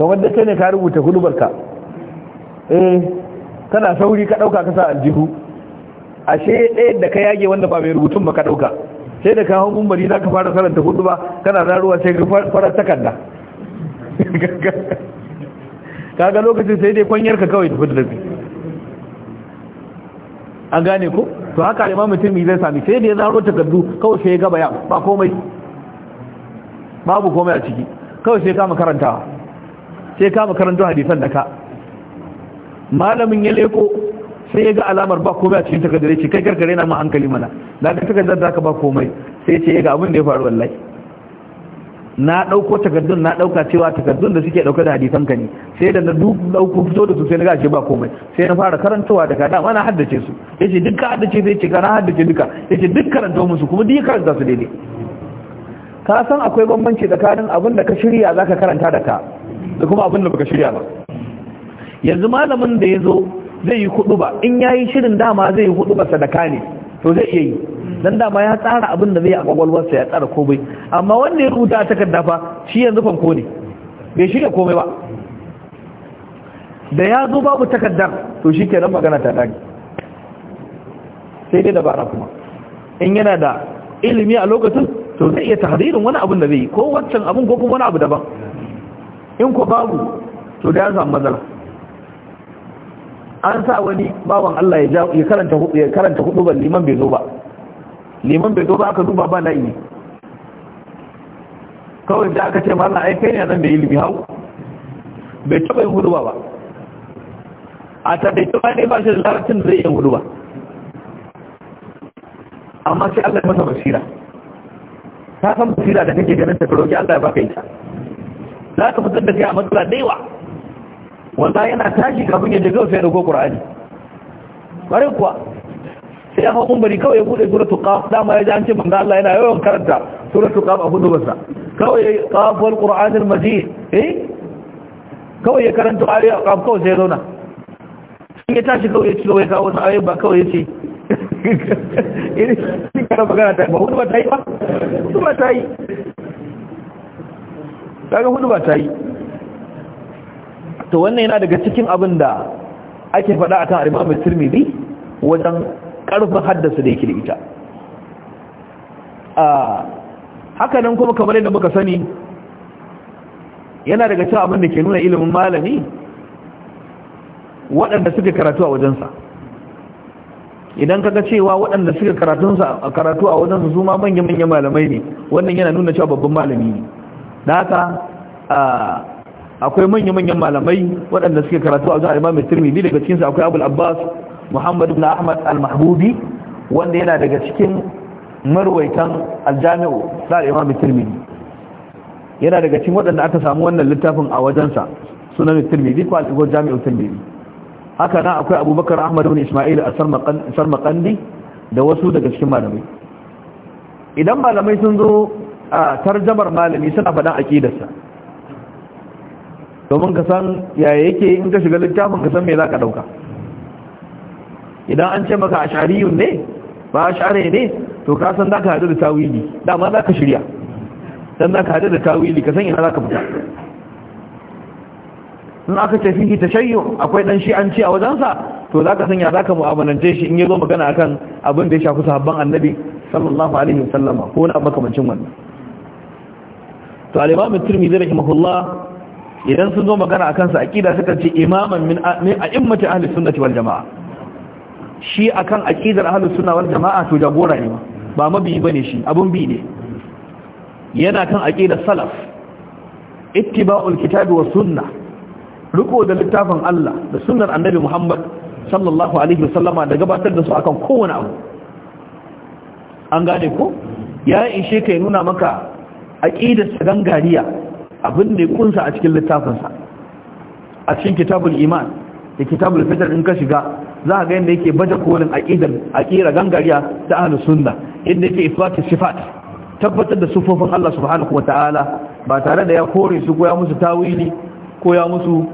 kamar da kai ne ka rubuta hulubarka eh tana sauri ka ɗauka kasa aljihu ashe ɗaya da ka yage wanda ba mai rubutun ba ka ɗauka sai da ka hau mumbari za ka fara karanta hudu ba kana zaruwa sai ka fara takarda kaga lokacin sai dai kwanyar ka kawai tafi da lafi an gane ko to haka ma mutum zai sami sai da ya zaro takardu kawai sai ya gaba ya ba komai babu komai a ciki kawai sai kama karantawa sai kama karanta hadisan da ka malamin ya leko sai ya ga alamar ba komai a cikin takardare ce kai karkare na mu hankali mana da ka takardar da ka ba komai sai ce ya ga abin da ya faru wallahi na dauko takardun na dauka cewa takardun da suke dauka da hadisan ka ne sai da na duk dauko fito da su sai na ga ce ba komai sai na fara karantawa da ka dama na haddace su yace duk ka haddace sai ce ka na haddace duka yace duk karanta musu kuma duk karanta su daidai ka san akwai bambanci tsakanin abin da ka shirya zaka karanta da ka da kuma abin da baka shirya ba yanzu malamin da ya zo zai yi kudu ba in ya yi shirin dama zai yi kudu ba sadaka ne to zai iya yi dan dama ya tsara abin da zai a kwakwalwarsa ya tsara komai amma wanda ya rubuta a takarda fa shi yanzu fanko ne bai shirya komai ba da ya zo babu takardar to shi ke magana ta dage sai dai dabara kuma in yana da ilimi a lokacin to zai iya tahdirin wani abin da zai yi ko wancan abin ko kuma wani abu daban in ko babu to da ya samu matsala an sa wani bawan Allah ya karanta hudu ya karanta hudu ban liman bai zo ba liman bai zo ba aka duba ba la'i kawai da aka ce mallan ai kai ne nan da ilimi hau bai taba yin hudu ba a da ba ne ba shi da larabcin zai yin hudu ba amma sai Allah ya masa basira ta san basira da kake ganin ta ki Allah ya baka ita za ka fitar da kai a matsala daiwa wanda yana tashi kafin ya daga sai dauko qur'ani bare kuwa sai aka kumbari kawai ya bude suratul qaf dama ya ji an ce manzo Allah yana yawan karanta suratul qaf a hudu basa kawai qaf wal qur'anil majid eh kawai ya karanta ayoyi qaf kawai sai ya zauna in ya tashi kawai ya ci gaba ya kawo wasu ayoyi ba kawai ya ce irin shi kara magana ta ba hudu ba ta yi ba hudu ba ta yi kaga hudu ba ta yi to wannan yana daga cikin abin da ake faɗa a kan imam tirmidhi wajen ƙarfin haddasa da yake da ita haka nan kuma kamar yadda muka sani yana daga cikin abin da ke nuna ilimin malami waɗanda suka karatu a wajensa idan kaga cewa waɗanda suka karatu a wajensa su ma manya-manya malamai ne wannan yana nuna cewa babban malami ne da haka akwai manya-manyan malamai waɗanda suke karatu a wajen imam turmidi, daga cikin su akwai abul abbas muhammad ibn ahmad al-mahbubi wanda yana daga cikin marwaitan al-jami'u da imam tirmidhi yana daga cikin waɗanda aka samu wannan littafin a wajensa sunan turmidi, ko al-igor jami'u turmidi. haka na akwai abubakar ahmad ibn isma'il al-sarmaqandi da wasu daga cikin malamai idan malamai sun zo a tarjamar malami suna faɗan aqidarsa domin ka san yaya yake in ka shiga littafin ka san me za ka ɗauka idan an ce maka ashariyun ne ba share ne to ka san za ka haɗu da tawili dama za ka shirya don za ka haɗu da tawili ka san ina za ka fita in aka ce ta shayyo akwai ɗan shi an ci a wajensa to za ka sanya ka mu'amalance shi in zo magana akan abin da ya shafi sahabban annabi sallallahu alaihi sallama, ko na makamancin wannan to al turmi zai rahimahullah idan sun zo magana a kansa, aqida suka ce imaman min a'immati ahli sunnati wal jamaa shi akan aqidar ahli sunna wal jamaa to jagora ne ba mabiyi bane shi abun bi ne yana kan aqidar salaf ittiba'ul kitabi was sunnah riko da littafin Allah da sunnar annabi Muhammad sallallahu alaihi wasallama da gabatar da su akan kowane abu an gane ko ya ishe kai nuna maka aqidar sagangariya abin da ya kunsa a cikin littafinsa a cikin kitabul iman da kitabul fitar in ka shiga za a ga yadda yake baje kolin aqidar aqira gangariya ta ahlus sunna inda yake isbatu sifat tabbatar da sufofin Allah subhanahu wataala ba tare da ya kore su ko ya musu tawili ko ya musu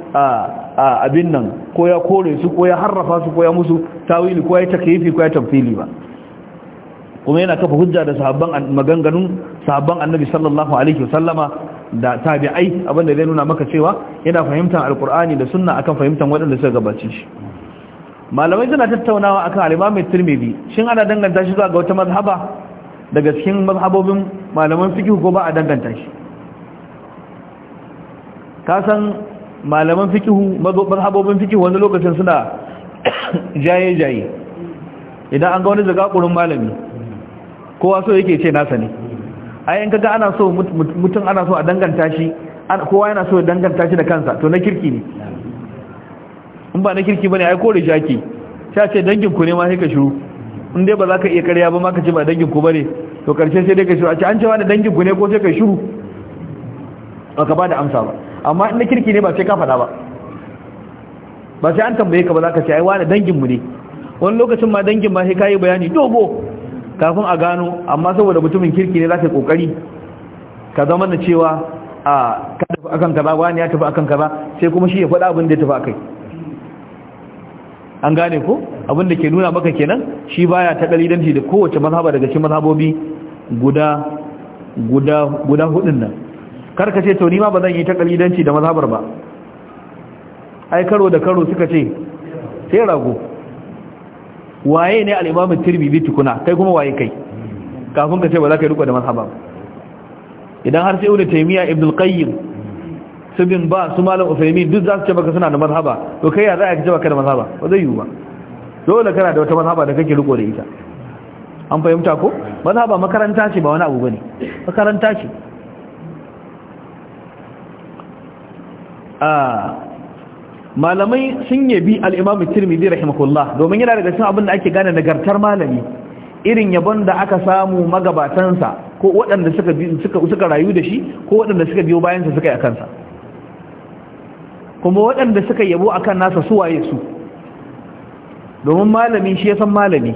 abin nan ko ya kore su ko ya harrafa su ko ya musu tawili ko ya takyifi ko ya tamthili ba kuma yana kafa hujja da sahabban maganganun sahabban annabi sallallahu alaihi wasallama da tabi'ai abinda zai nuna maka cewa yana fahimtar alkur'ani da sunna akan fahimtar waɗanda suka gabace shi malamai suna tattaunawa akan al-Imam Tirmidhi shin ana danganta shi zuwa ga wata mazhaba daga cikin mazhabobin malaman fiqh ko ba a danganta shi ka san malaman fiqh mazhabobin fiqh wani lokacin suna jaye jaye idan an ga wani zagakurin malami kowa so yake ce nasa ne ayan kaga ana so mutum ana so a danganta shi kowa yana so ya danganta shi da kansa to na kirki ne in ba na kirki bane ai kore shaki sha ce dangin ku ne ma sai ka shiru in dai ba za ka iya karya ba ma ka ce ba dangin ku bane to karshe sai dai ka shiru a ce an cewa da dangin ku ne ko sai ka shiru ba ka ba da amsa ba amma in na kirki ne ba sai ka faɗa ba ba sai an tambaye ka ba za ka ce ai wani dangin mu ne wani lokacin ma dangin ma sai ka yi bayani dogo kafin a gano amma saboda mutumin kirki ne za ka yi kokari ka zama da cewa a ka tafi akan kaza wani ya tafi akan kaza sai kuma shi ya faɗa abin da ya tafi akai an gane ko abin da ke nuna maka kenan shi baya ta dalilanci da kowace mazhaba daga cikin mazhabobi guda guda guda hudun nan karka ce to ni ma ba zan yi ta dalilanci da mazhabar ba ai karo da karo suka ce sai rago waye ne al-imam tirmidhi tukuna kai kuma waye kai kafin ka ce ba za ka riko da mazhaba idan har sai ibn taymiya ibn al-qayyim su ba su malam usaymin duk za su ce baka suna da mazhaba to kai ya za ka ce baka da mazhaba ba zai yiwu ba dole kana da wata mazhaba da kake riko da ita an fahimta ko mazhaba makaranta ce ba wani abu bane makaranta ce ah malamai sun yabi al'imamu tirmidhi rahimahullah domin yana daga cikin abin da ake gane nagartar malami irin yabon da aka samu magabatansa ko waɗanda suka rayu da shi ko waɗanda suka biyo bayansa suka yi a kansa kuma waɗanda suka yabo a kan nasa suwaye su domin malami shi ya san malami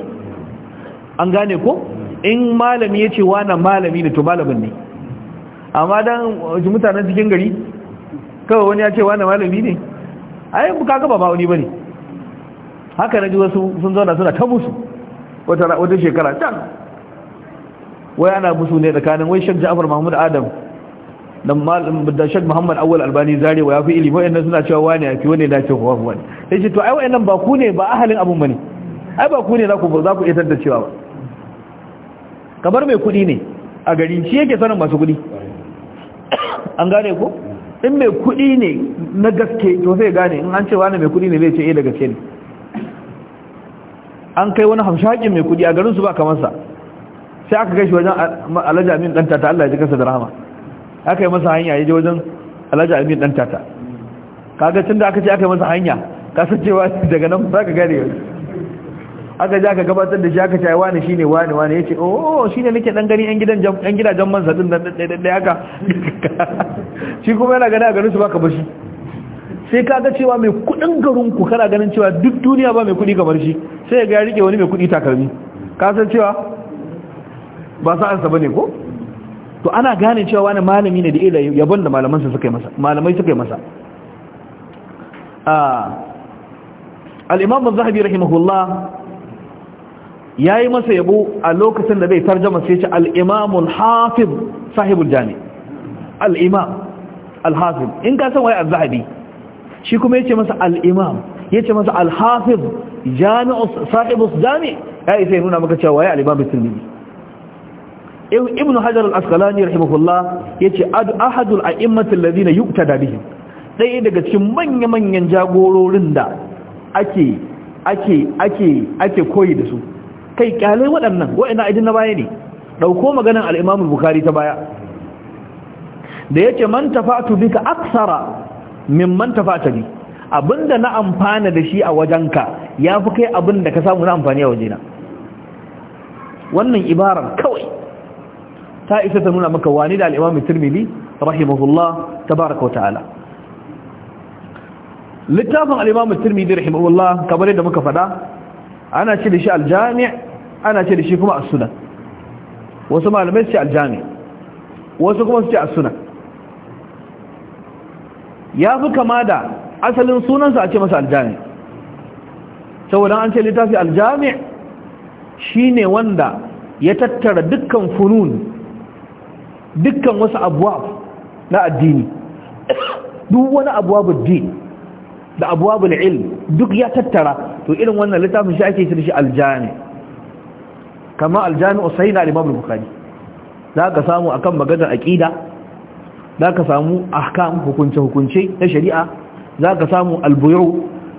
an gane ko in malami ya ce wana malami ne to malamin ne amma don mutanen cikin gari kawai wani ya ce wana malami ne ai ka ga ba wani bane haka naji wasu sun zauna suna ta musu wata wata shekara can wai ana musu ne tsakanin wai Sheikh Ja'far Muhammad Adam dan malam da Sheikh Muhammad Awwal Albani zare wa yafi ilimi wayannan suna cewa wani yafi wani da cewa wani wani yace to ai wayannan ba ku ne ba ahalin abun bane ai ba ku ne za ku za ku iya da ba kamar mai kudi ne a garin shi yake sanin masu kudi an gane ko in mai kuɗi ne na gaske to zai gane in an ce wani mai kuɗi ne zai ce eh da gaske ne an kai wani hamshakin mai kuɗi a garin su ba kamar sa sai aka kai shi wajen alhaji amin dan tata Allah ya ji kansa da rahama aka yi masa hanya ya je wajen alhaji amin dan tata kaga tunda aka ce aka yi masa hanya kasancewa daga nan ba ka gane aka ja ka gabatar da shi aka ce wani shine wani wani yace oh shine nake dan gani yan gidan yan gidajen man sadin nan dai dai haka shi kuma yana gani a garin su baka bashi sai ka ga cewa mai kudin garin ku kana ganin cewa duk duniya ba mai kudi kamar shi sai ga ya rike wani mai kudi takalmi ka san cewa ba sa ansa bane ko to ana gane cewa wani malami ne da ila yabon da malaman su suka yi masa malamai suka yi masa ah, al-imam az-zahabi rahimahullah ya yi masa yabo a lokacin da zai tarjama sai ce al'imamun hafif sahibul jami al'imam al in ka san waya alzahabi. shi kuma ya ce masa al'imam ya ce masa alhafif jami'us sahibus jami ya yi sai nuna maka cewa waye al-imam bisulmini ibn hajar al-asqalani rahimahullah ya ce ahadul a'immatul ladina yuqtada bihim ɗaya daga cikin manya-manyan jagororin da ake ake ake ake koyi da su kai kyale waɗannan wa'ina ajin na baya ne ɗauko maganan al'imamul bukari ta baya da yake man tafatu bika aksara min man tafata bi abinda na amfana da shi a wajenka ya fi kai abinda ka samu na amfani a wajena wannan ibarar kawai ta isa ta nuna maka wani da al'imamu turmili rahimahullah ta wa ta'ala littafin al'imamu turmili rahimahullah kamar yadda muka fada ana ce da shi aljami ana ce da shi kuma as-sunan wasu malamai su ce aljami wasu kuma su ce as-sunan ya fi kama da asalin sunansa a ce masa aljami saboda an ce littafi aljami ne wanda ya tattara dukkan funun dukkan wasu abuwab na addini duk wani abuwabul din da abuwabul ilm duk ya tattara to irin wannan littafin shi ake shi aljami kama aljami usai na imam bukhari za ka samu akan maganar aqida za ka samu ahkam hukunce hukunce na shari'a za ka samu albuyu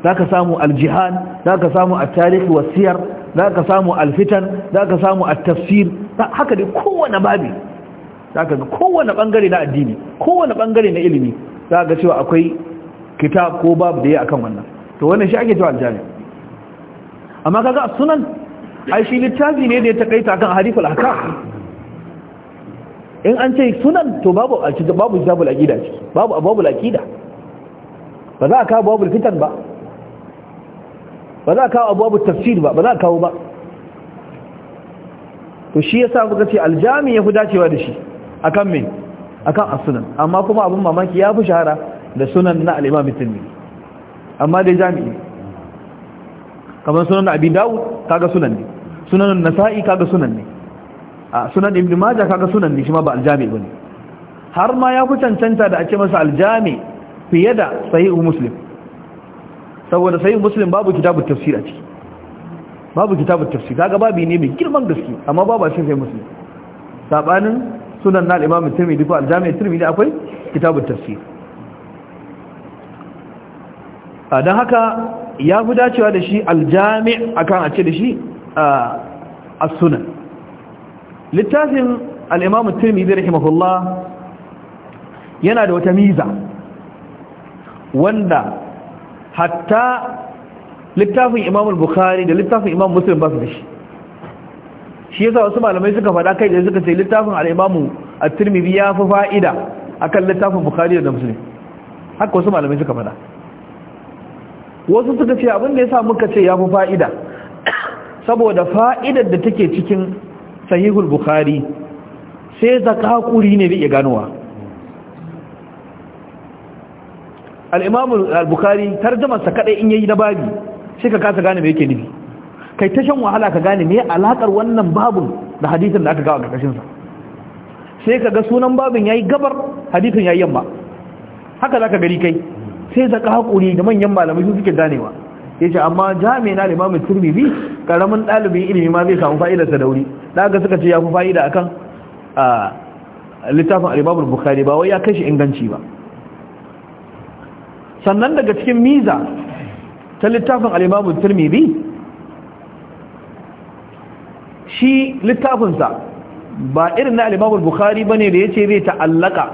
za ka samu aljihan za ka samu at-tarikh wa siyar za ka samu alfitan za ka samu at-tafsir haka dai kowanne babi za ka ga kowanne bangare na addini kowanne bangare na ilimi za ka ga cewa akwai kitab ko babu da ya akan wannan to wannan shi ake cewa aljami amma kaga sunan ai shi littafi ne da ya takaita kan al ahkam in an ce sunan to babu a cikin babu al aqida ce babu al aqida ba za a kawo al fitan ba ba za a kawo tafsir ba ba za a kawo ba to shi yasa kuka ce aljami huda dacewa da shi akan me akan as-sunan amma kuma abun mamaki fi shahara da sunan na al-imam at-tirmidhi amma dai jami'i kamar sunan abin dawud kaga sunan ne sunan nasa'i kaga sunan ne a sunan ibn maja kaga sunan ne shi ma ba aljami bane har ma ya ku cancanta da ake masa aljami fiye da sahihu muslim saboda sahihu muslim babu kitabu tafsir a ciki babu kitabu tafsir kaga babu ne mai girman gaske amma babu a cikin sahihu muslim sabanin sunan na al-imam tirmidhi ko aljami tirmidhi akwai kitabu tafsir dan haka ya fi dacewa da shi aljami akan a ce da shi a sunan littafin al'imamu tirmidhi rahimahullah yana da wata miza wanda hatta littafin imamun bukhari da littafin imamun Musulun ba su da shi shi yasa wasu malamai suka faɗa kai da suka ce littafin al'imamu a tirmidhi ya fi fa'ida akan littafin bukhari da Musulun. haka wasu malamai suka faɗa wasu suka ce abin da ya sa muka ce ya fi fa'ida saboda fa'idar da take cikin sahihul bukhari sai zakakuri ne da ganowa al al’bukhari al-bukhari sa kaɗai in yayi na babi sai ka kasa gane me yake nufi kai tashan wahala ka gane me alakar wannan babun da hadisin da aka gawa karkashin sai ka ga sunan babin ya yi gabar hadisin yi yamma haka za ka gari kai sai zaka hakuri da manyan malamai su suke ganewa yace amma jami'in al-imam bi? karamin ɗalibin ilimi ma zai samu fa'ida ta dauri daga suka ce ya fi fa'ida akan littafin al-imam bukhari ba wai ya kashi inganci ba sannan daga cikin miza ta littafin al-imam bi? shi littafinsa ba irin na al-imam al-bukhari bane da yace zai ta'allaka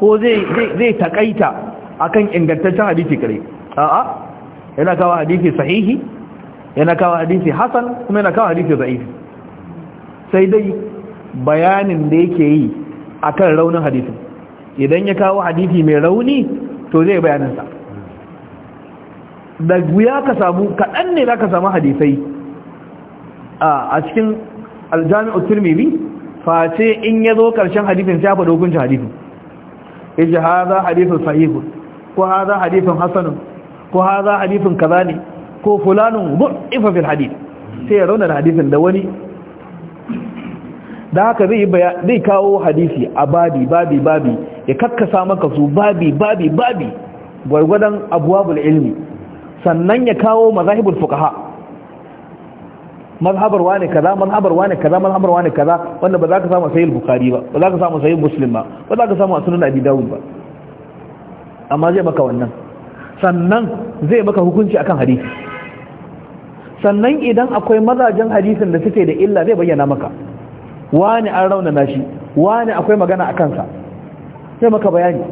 ko zai zai takaita akan ingantaccen hadisi kare a'a yana kawo hadisi sahihi yana kawo hadisi hasan kuma yana kawo hadisi za'ifi sai dai bayanin da yake yi akan raunin hadisin idan ya kawo hadisi mai rauni to zai bayanin sa da guya ka samu kaɗan ne za ka samu hadisai a cikin aljami'ar turmiri face in ya zo ƙarshen hadisin sai ya faɗo hukuncin hadisin ijhaza hadithu sahihun ko haza hadithun hasanun ko haza hadithun kaza ne ko fulanun du'ifa fil hadith sai ya rauna da hadisin da wani da haka zai zai kawo hadisi a babi babi babi ya kakkasa maka su babi babi babi gwargwadon abwabul ilmi sannan ya kawo mazahibul fuqaha mazhabar wani kaza mazhabar wani kaza mazhabar wani kaza wanda ba za ka samu sahih bukhari ba ba za ka samu sahih muslim ba ba za ka samu sunan abi dawud ba amma zai maka wannan sannan zai maka hukunci akan hadisi sannan idan akwai mazajen hadisin da suke da illa zai bayyana maka wani an raunana shi wani akwai magana a kansa zai maka bayani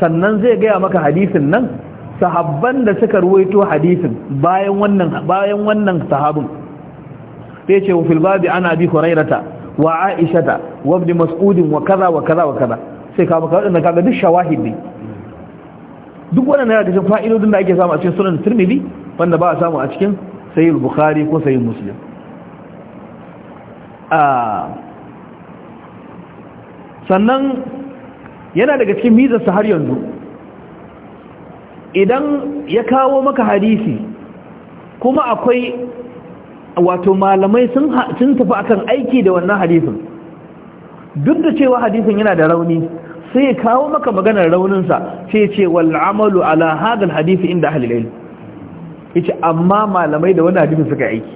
sannan zai gaya maka hadisin nan sahabban da suka ruwaito hadisin bayan wannan bayan wannan sahabin sai ce fil babi ana bi hurairata wa aishata wa ibn mas'ud wa kaza wa kaza wa kaza sai ka maka waɗanda kaga duk shawahid ne duk waɗanda yana cikin fa'idodin da ake samu a cikin sunan tirmidhi wanda ba a samu a cikin sayyid bukhari ko sayyid muslim sannan yana daga cikin mizarsa har yanzu idan ya kawo maka hadisi kuma akwai wato malamai sun tafi akan aiki da wannan hadisin duk da cewa hadisin yana da rauni sai ya kawo maka maganar rauninsa sai ce wal amalu ala hadal hadisi inda ahli ilm yace amma malamai da wannan hadisin suka aiki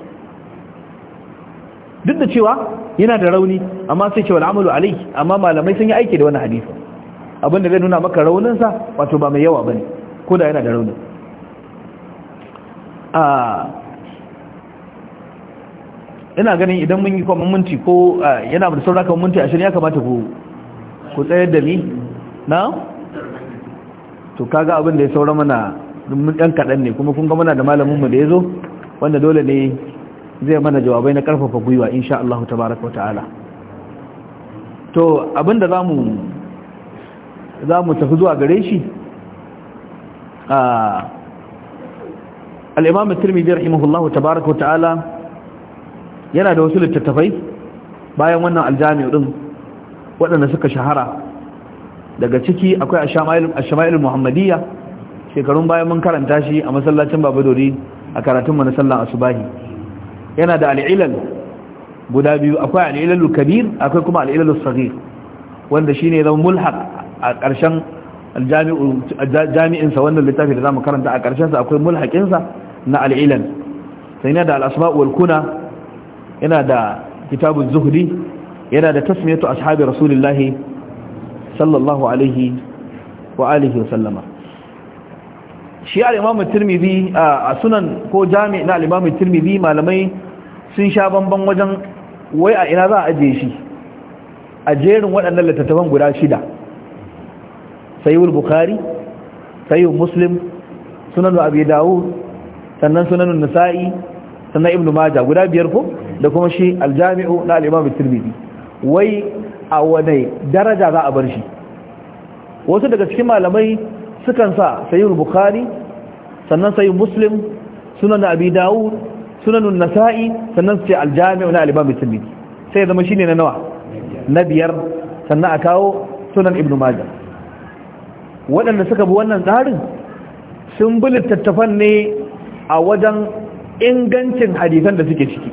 duk da cewa yana da rauni amma sai ce wal amalu alai amma malamai sun yi aiki da wannan hadisi abinda zai nuna maka rauninsa wato ba mai yawa bane ko da yana da rauni ah, ina ganin idan mun yi kwamin minti ko yana da sauraka kan minti ashirin ya kamata ku ku tsayar da ni na to kaga abin da ya saura mana mun ɗan kaɗan ne kuma kun ga muna da malaminmu da ya zo wanda dole ne zai mana jawabai na ƙarfafa gwiwa insha Allah tabaraka wa ta'ala to abin da zamu zamu tafi zuwa gare shi a al-imam at-tirmidhi rahimahullahu tabaraka wa ta'ala yana da wasu littattafai bayan wannan aljami'u din waɗanda suka shahara daga ciki akwai ashama'il muhammadiyya shekarun bayan mun karanta shi a masallacin babadori a karatunmu na sallan asubahi yana da al'ilal guda biyu akwai al'ilalu kabir akwai kuma al'ilalu sagir wanda shi ne zama mulhaq a ƙarshen jami'insa wannan littafi da za mu karanta a ƙarshensa akwai mulhaƙinsa na al'ilal sai yana da al'asma'ul kuna yana da kitabun zuhri yana da tasmiyatu ashabi rasulullahi sallallahu alaihi wa alihi wa sallama shi al tirmidhi a sunan ko jami na al tirmidhi malamai sun sha bamban wajen wai a ina za a ajiye shi a jerin waɗannan littattafan guda shida sayyid bukhari sayyid muslim sunan abi dawud sannan sunan Nisa'i sannan ibnu majah guda biyar ko da kuma shi aljami'u na al'imam tirmidhi wai a wane daraja za a bar shi wasu daga cikin malamai sukan sa sayi bukhari sannan sayi muslim sunan abi dawud sunan nasa'i sannan su aljami'u na al'imam tirmidhi sai zama ne na nawa na biyar sannan a kawo sunan ibnu majah waɗanda suka bi wannan tsarin sun bi littattafan ne a wajen ingancin hadisan da suke ciki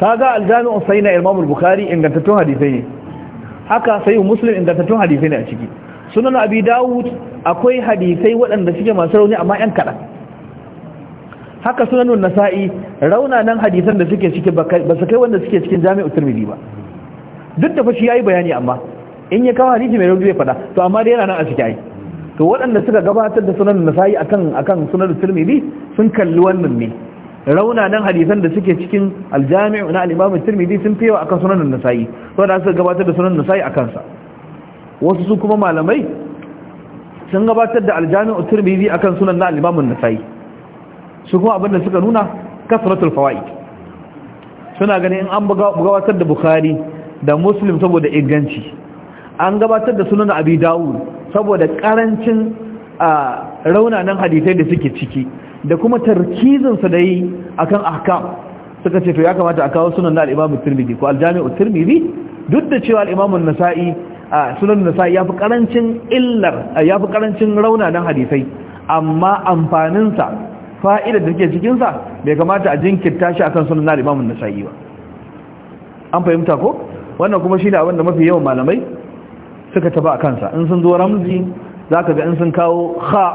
kaga aljami'u sai na imam bukhari ingantattun hadisai ne haka sai muslim ingantattun hadisai ne a ciki sunan abi dawud akwai hadisai waɗanda suke masu rauni amma yan kaɗan haka sunan nasa'i raunanan hadisan da suke ciki ba su kai wanda suke cikin jami'u turmidi ba duk da fashi yayi bayani amma in ya kawo hadisi mai rauni zai fada to amma dai yana nan a cikin ai to waɗanda suka gabatar da sunan nasa'i akan akan sunan turmidi sun kalli wannan ne raunanan hadisan da suke cikin aljami'u na al-imam tirmidhi sun fiye akan sunan nasa'i to da suka gabatar da sunan nasa'i akan sa wasu su kuma malamai sun gabatar da aljami'u tirmidhi akan sunan na al-imam nasa'i su kuma abinda suka nuna kasratul fawaid suna ganin in an gabatar da bukhari da muslim saboda inganci an gabatar da sunan abi dawud saboda karancin ah, raunanan hadisai da suke ciki da kuma tarkizinsa da yi akan ahkam suka ce to ya kamata a kawo sunan na al-Imam Tirmidhi ko al-Jami' duk da cewa al-Imam An-Nasa'i sunan An-Nasa'i yafi karancin illar yafi karancin rauna na hadisai amma amfaninsa fa'ida da take cikin sa bai kamata a jinkirta shi akan sunan na al nasai ba an fahimta ko wannan kuma shine abin da mafi yawan malamai suka taba a kansa in sun zo ramzi zaka ga in sun kawo ha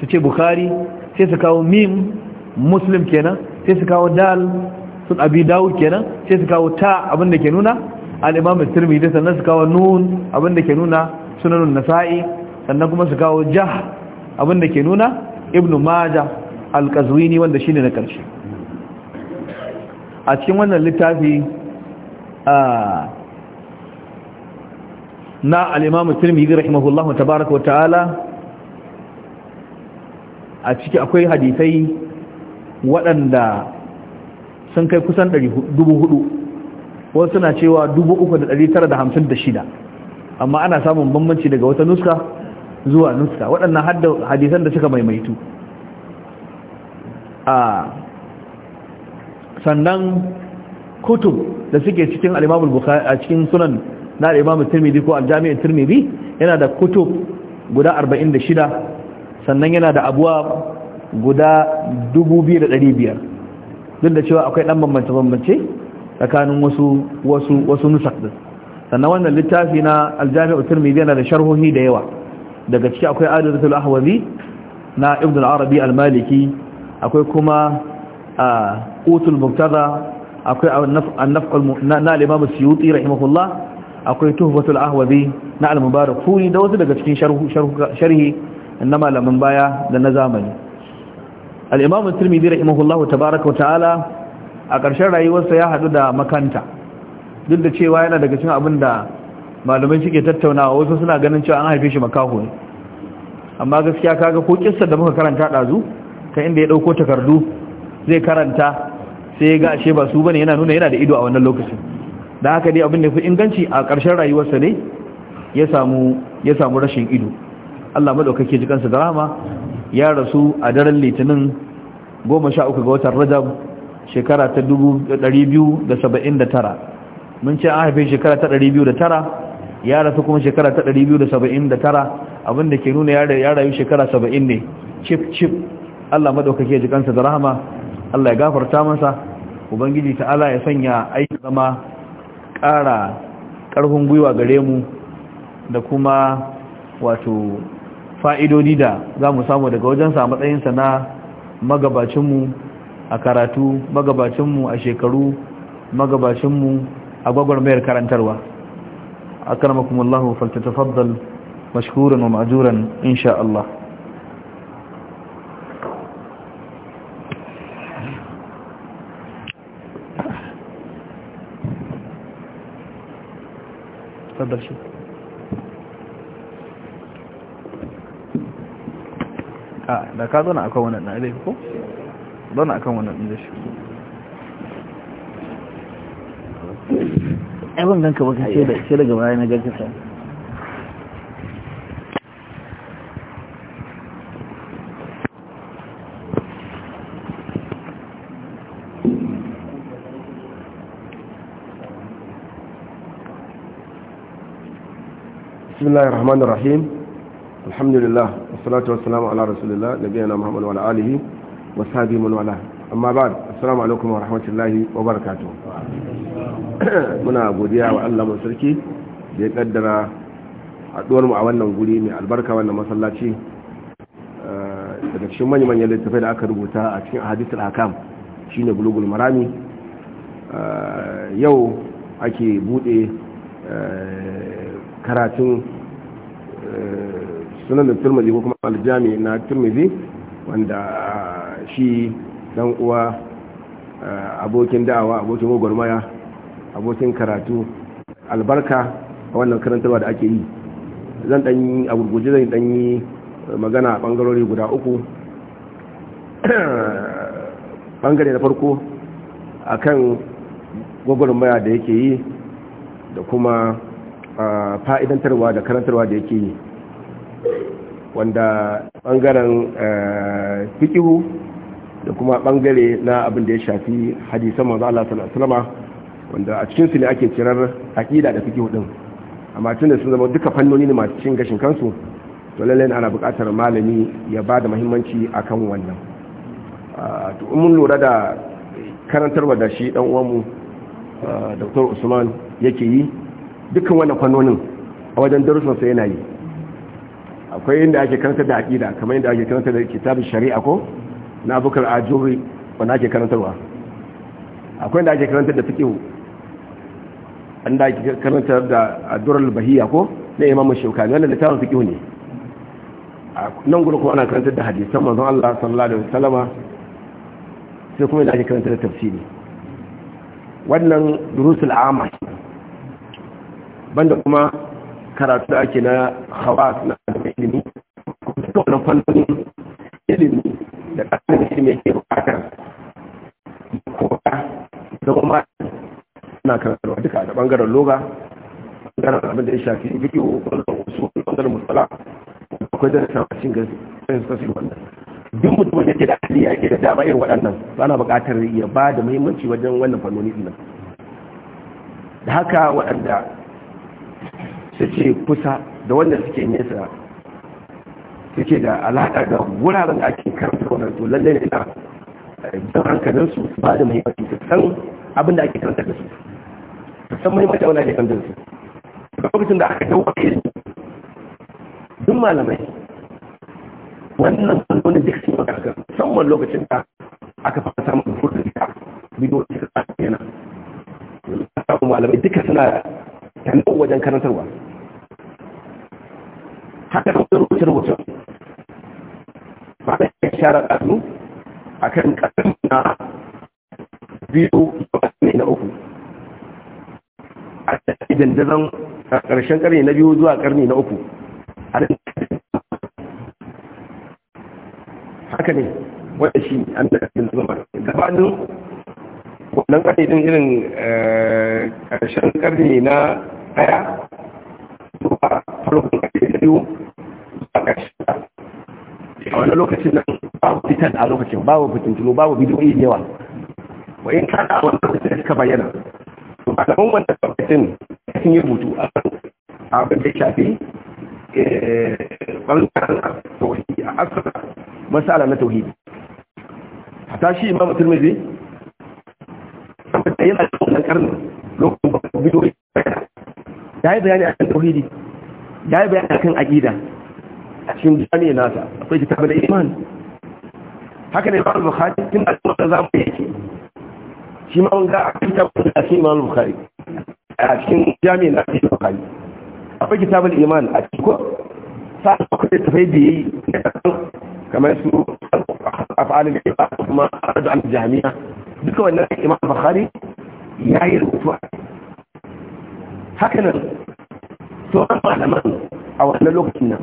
su ce bukhari sai su kawo mim muslim kenan sai su kawo dal sun abi dawud kenan sai su kawo ta abinda ke nuna al’imam imam at sannan su kawo nun abinda ke nuna sunanun nasa'i sannan kuma su kawo jah abinda ke nuna ibnu maja, al-qazwini wanda shine na karshe a cikin wannan littafi na al-imam at rahimahullahu ta'ala a ciki akwai hadisai waɗanda sun kai kusan hudu. wasu suna cewa 3,956 amma ana samun bambanci daga wata nuska zuwa nuska waɗannan hadisan da suka maimaitu a sannan kutub da suke cikin al'imamul bukari a cikin sunan na al'imamul turmidi ko aljami'in turmidi yana da kutub guda 46 sannan yana da abuwa guda 2,500 duk da cewa akwai ɗan bambance-bambance tsakanin wasu wasu wasu nusak din sannan wannan littafi na aljami'u turmidi yana da sharhohi da yawa daga ciki akwai adadatul ahwazi na ibn al-arabi al-maliki akwai kuma utul muktaza akwai an na al-imam as-suyuti rahimahullah akwai tuhfatul ahwazi na al-mubarak da wasu daga cikin sharhi na malaman baya da na zamani al-imam at-tirmidhi rahimahullahu tabaaraka wa ta'ala a ƙarshen rayuwarsa ya haɗu da makanta duk da cewa yana daga cikin abin da malamai suke tattaunawa wasu suna ganin cewa an haife shi makaho ne amma gaskiya kaga ko kissa da muka karanta dazu ta inda ya ɗauko takardu zai karanta sai ya ga ashe ba su bane yana nuna yana da ido a wannan lokacin da haka dai abin da fi inganci a ƙarshen rayuwarsa ne ya samu rashin ido Allah madaukake ji kansa da ya rasu a daren litinin 13 ga watan Rajab shekara ta 279 mun ce an haife shekara ta 209 ya rasu kuma shekara ta 279 abinda ke nuna ya rayu shekara 70 ne chip chip Allah madaukake ji kansa da Allah ya gafarta masa ubangiji ta'ala ya sanya aiki zama ƙara ƙarfin gwiwa gare mu da kuma wato fa'idodi da za mu samu daga wajensa a matsayinsa na magabacinmu a karatu magabacinmu a shekaru magabacinmu a gwagwarmayar karantarwa a karmakumallahu faltatafaddal mashkuran wa ma'ajuran insha Allah Продолжение a da ka zauna akan wannan ɗan ko zauna akan wannan ɗan zai shi ɗan ganka ba baka sai daga bayan na ganka sa بسم الله الرحمن الرحيم alhamdulillah wassalatu wassalamu ala rasulillah nabiyina muhammad wa ala alihi wa sahbihi man wala amma ba'd assalamu alaikum wa rahmatullahi wa barakatuh muna godiya wa Allah mu sarki da ya kaddara haduwar mu a wannan guri mai albarka wannan masallaci eh, daga cikin manyan manyan littafai da aka rubuta a cikin hadisul hakam shine bulugul marami eh, yau ake bude eh, karatun sunan da turmizi ko kuma aljami na turmizi wanda shi dan uwa eh, abokin da'awa abokin gwagwarmaya abokin karatu albarka a wannan karantarwa da ake yi zan dan yi a gurguje zan dan yi magana a bangarori guda uku bangare na farko a kan gwagwarmaya da yake yi da kuma eh, fa'idantarwa da karantarwa da yake yi wanda bangaren eh, fikihu da kuma bangare na abin da ya shafi hadisan manzo Allah sallallahu alaihi wasallam wanda a cikin su ne ake cirar aqida da fikihu din amma da sun zama duka fannoni ne masu cin gashin kansu to lallai ana buƙatar malami ya ba da muhimmanci akan wannan ah, to mun lura da karantarwa da shi dan uwanmu ah, Dr. Usman yake yi dukkan wannan fannonin a wajen darussansa yana yi akwai inda ake karanta da aqida kamar inda ake karanta da kitabun shari'a ko na bukar ajuri wanda ake karantarwa akwai inda ake karanta da fiqh inda ake karanta da adrul bahiya ko na imamu shaukani wannan littafin fiqh ne nan gurin kuma ana karanta da hadisan manzon Allah sallallahu alaihi wasallama sai kuma inda ake karanta da tafsiri wannan durusul aama banda kuma karatu da ake na hawa na ilimi ta wannan fannonin ilimi da ƙasar shi mai ke bukatar kowa da kuma na kararwa duka da ɓangaren loga ɓangaren abin da ya shafi bidiyo ɓangaren wasu ɓangaren musala akwai da rasa cikin gasin sassi wannan duk mutum da ke da hali ya ke da dama irin waɗannan ba na buƙatar ya ba da muhimmanci wajen wannan fannoni ɗin da haka waɗanda su ce kusa da wanda suke nesa suke da alaƙa da wuraren da ake karanta wannan to ne ina da hankalin su ba da muhimmanci su san abin da ake karanta da su su san muhimmanci wani ake karanta da su lokacin da aka dauka ilimi duk malamai wannan wani duk sun makarka musamman lokacin da aka fara samun furta da bido da suka tsaka yana samun malamai duka suna tanar wajen karantarwa haka kan rubuce rubuce tara ɗazu a kan ƙasar na biyu ne na uku a dandazon a ƙarshen ƙarni na biyu zuwa ƙarni na uku haka ne wadda shi an da zuwa gabanin wannan ƙarni din irin eh, ƙarshen ƙarni na ɗaya a lokacin babu fitintulu babu bidiyoyi da yawa wa in ka da wannan lokacin da suka bayyana to malaman wannan lokacin sun yi rubutu a kan abin da shafi eh, ɓangaren tauhidi a asara masala na tauhidi a shi imam turmizi saboda yana da wannan karnin lokacin ba bidiyoyi ya yi bayani akan tauhidi ya yi bayani akan aqida a cikin jami'a nasa akwai kitabul iman haka ne imam bukhari tun da kuma da zamu yake shi ma wanga a cikin tabbatar da shi imam bukhari a cikin jami'in na cikin bukhari akwai kitabul iman a cikin ko sa akwai tafai da yayi kamar su afalin ibad kuma ardu al jami'a duka wannan imam bukhari yayi rubutu haka nan to an malaman a wannan lokacin nan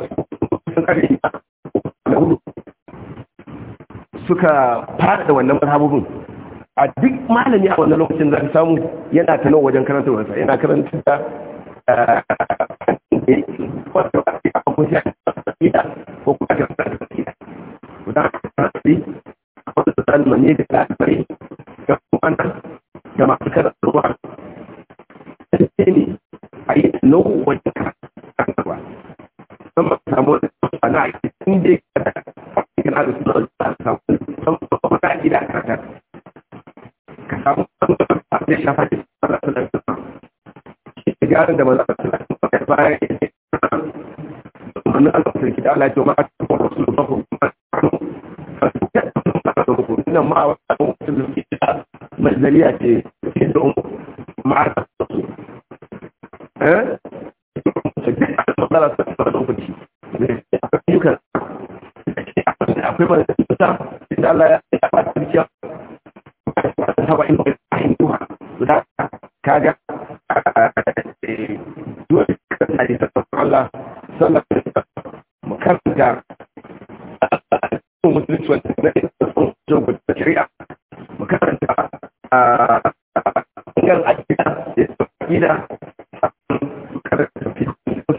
suka fara da wannan mazhabobin a duk malami a wannan lokacin za ka samu yana ta nawa wajen karanta wasa yana karanta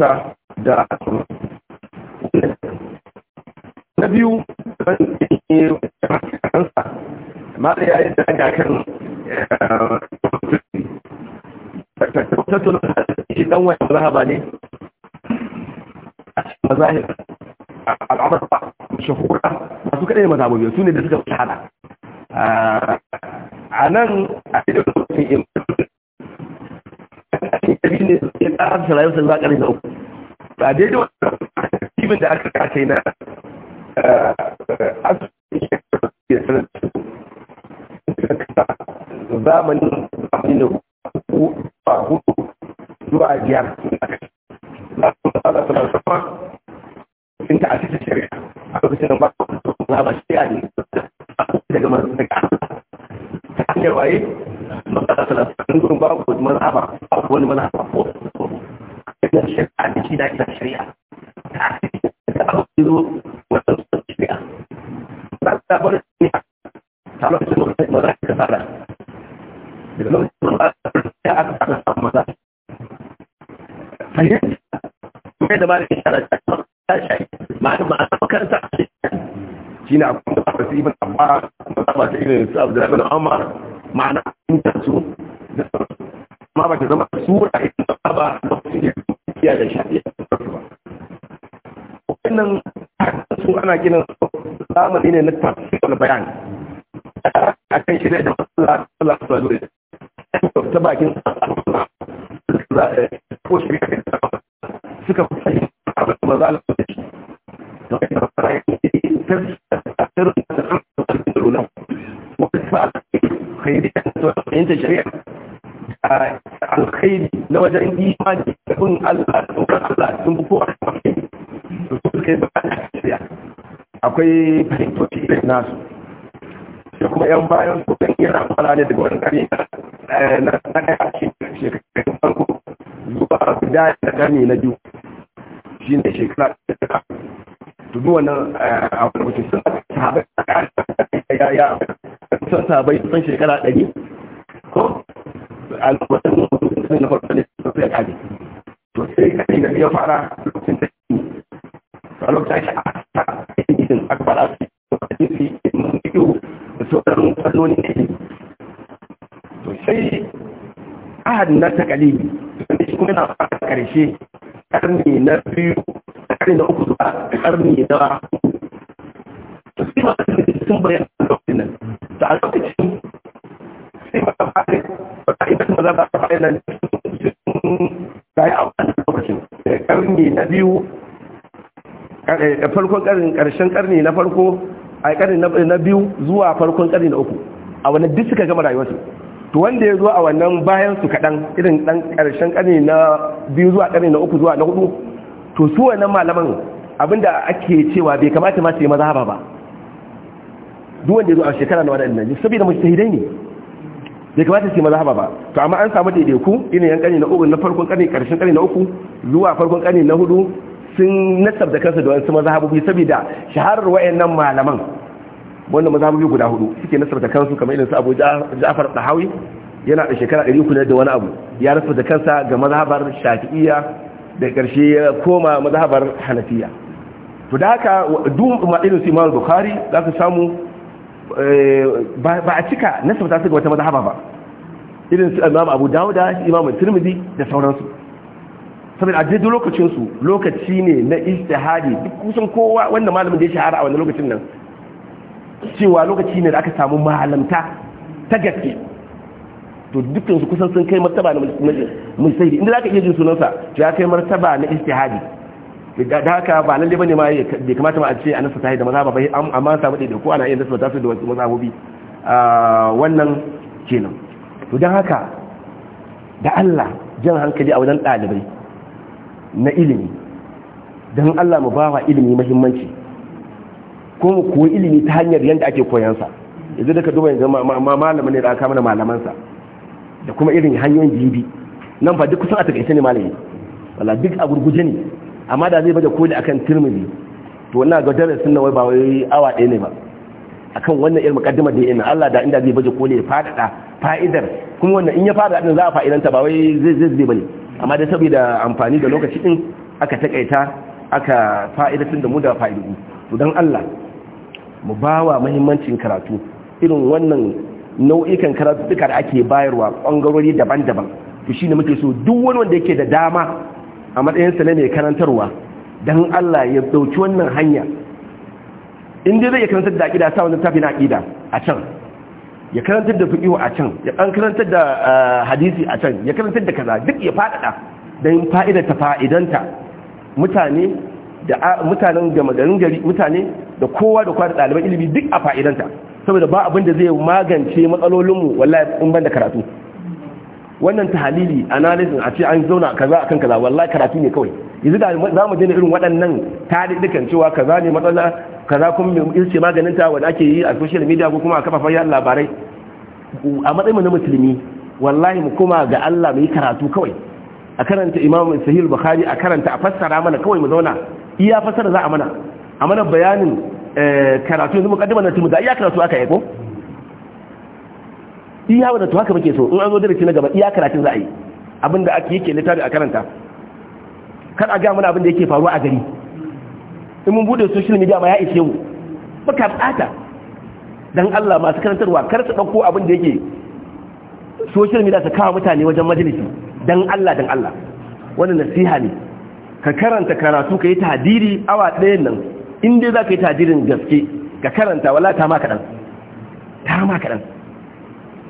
masa da na biyu ban yi kansa da ya yi daga kan eh, shi dan wani ne a cikin mazahir ba shahura masu kaɗai su ne da suka hada, eh, a nan a cikin lokacin ne su ke sun da uku ba daidai wani ibin da aka kata yi na zamanin zamanin da ba hudu zuwa biyar da kuma tsara sama sun ta a cikin shari'a a lokacin da ba na ba shi a ne daga masu daga ta hanyar waye masana sana sun gurin babu wani mana ba wani mana ba الى الشريعه نشيد الى الشريعه تعتقد وتبسط الشريعه بعد ذلك تعرف المراحل كفاره بالمراحل تعرف المراحل فهمت mai da bari shara ta shayi ma'ana ba a makaranta a cikin shi ne abin da ba su ibn amma kuma ta ba ta irin su abu da rabu da amma ma'ana in ta su amma ba ta zama sura ana ginin zamani ne na tafsir bayani a kan shi da matsala matsala su zuwa ta bakin ko shirya suka fi sahi a wasu maza ala da shi da wani da fara yin tafsir a tsirin da an tsarki da rulan wata sa a kairi da su a yin ta shari'a a alkhairi na wajen imani da kun allah da kun allah sun bukuwa da kai ba a akwai fahimtoci da nasu da kuma yan bayan su kan yana fara ne daga wani kari eh, na ɗaya a cikin shekarun farko zuwa guda da ƙarni na biyu shi ne shekara eh, da ta tudu wannan a wani mutum sun sahabai ya ya sun sabai sun shekara ɗari ko a al'ummatan mutum sun na farko ne sun fiye kari to sai kari na biyar fara lokacin ta a lokacin ta hadisin aka fara su hadisi mun biyu da sauran fannoni ne to sai ahad na ta kalibi wanda shi kuma na fara karshe karni na biyu karni na uku zuwa karni na to sai ma sun bayan a lokacin nan to a lokacin sai ma ta fara wata ita kuma za ta fara nan sun bayan a wani lokacin karni na biyu Eh, farkon karni karshen karni na farko a karni na biyu zuwa farkon karni na uku a wannan duk suka gama rayuwarsu to wanda ya zo a wannan bayan su kaɗan irin ɗan ƙarshen ƙarni na biyu zuwa ƙarni na uku zuwa na hudu to su wannan malaman abinda ake cewa bai kamata ma su yi mazhaba ba duk wanda ya zo a shekara na waɗannan saboda mujtahidai ne bai kamata su yi mazhaba ba to amma an samu daidaiku irin yan ƙarni na uku na farkon ƙarni ƙarshen ƙarni na uku zuwa farkon ƙarni na hudu sun nasar da kansu da wasu mazhabobi saboda shaharar wayannan malaman wanda mazhabobi guda hudu suke nasar da kansu kamar irin su Abu Ja'far Tahawi yana da shekara 300 da wani abu ya nasar da kansa ga mazhabar Shafi'iyya da karshe ya koma mazhabar Hanafiya to da haka duk irin su Imam Bukhari za su samu eh, ba a cika nasar ta su ga wata mazhaba ba irin su Imam Abu Dawud Imam Tirmidhi da sauransu saboda a daidai lokacinsu lokaci ne na istihadi duk kusan kowa wanda malamin da ya shahara a wani lokacin nan cewa lokaci ne da aka samu malamta ta gaske to dukkansu kusan sun kai martaba na da inda za ka iya jin sunansa ya kai martaba na istihadi da haka ba lalle bane ma bai kamata ma a ce an nasa da mazhaba bai amma samu daidai ko ana iya nasa tafi da wasu mazhabobi ah, wannan kenan to dan haka da Allah jan hankali a wajen ɗalibai na ilimi don Allah mu ba wa ilimi mahimmanci ko mu ilimi ta hanyar yadda ake koyansa yanzu daga duba yanzu malama ne da aka mana malamansa da kuma irin hanyoyin jibi nan fa duk kusan a takaice ne malami wala duk a gurguje ne amma da zai baje koli akan turmizi to wannan ga darasin nan wai ba wai awa ɗaya ne ba akan wannan irin mukaddimar da yayin Allah da inda zai baje koli ya fadada fa'idar kuma wannan in ya fara din za a fa'idanta ba wai zai zai zai bane amma dai saboda amfani da lokaci din aka takaita aka fa'idatin da mu da fa'idu to dan Allah mu bawa muhimmancin karatu irin wannan nau'ikan karatu duka da ake bayarwa bangarori daban-daban to shine muke so duk wani wanda yake da dama a matsayin sa ne mai karantarwa dan Allah ya dauki wannan hanya in dai zai karanta da akida sa wannan tafi na akida a can ya karantar da fiƙiwa a can ya karantar da eh, hadisi a can ya karantar da kaza duk ya faɗaɗa don fa'idar ta fa'idanta mutane da mutanen gama garin gari mutane da kowa da kowa da ɗaliban ilimi duk a fa'idanta saboda ba abin da zai magance matsalolinmu wallahi in ban da karatu wannan tahalili analysis a ce an zauna kaza akan kaza wallahi karatu ne kawai yanzu da za mu daina irin waɗannan tarihikan cewa kaza ne matsala kaza kun ce maganin ta wanda ake yi a social media ko kuma a kafafen yaɗa labarai a matsayin mu na musulmi wallahi mu kuma ga Allah mu yi karatu kawai a karanta Imam Sahih Bukhari a karanta a fassara mana kawai mu zauna iya fassara za a mana a mana bayanin eh, karatu yanzu mukaddima na tumu da iya karatu aka yi ko iya wanda to haka muke so in an zo darasi na gaba iya karatu za a yi abinda ake yake littafi a karanta kar a ga mana abin da yake faruwa a gari in mun bude social media ma ya ishe mu baka bukata dan Allah masu karantarwa kar su dauko abin da yake social media su kawo mutane wajen majalisi dan Allah dan Allah wannan nasiha ne ka karanta karatu ka yi hadiri awa ɗayan nan in dai za ka yi tadirin gaske ka karanta wala ta ma kaɗan ta ma kaɗan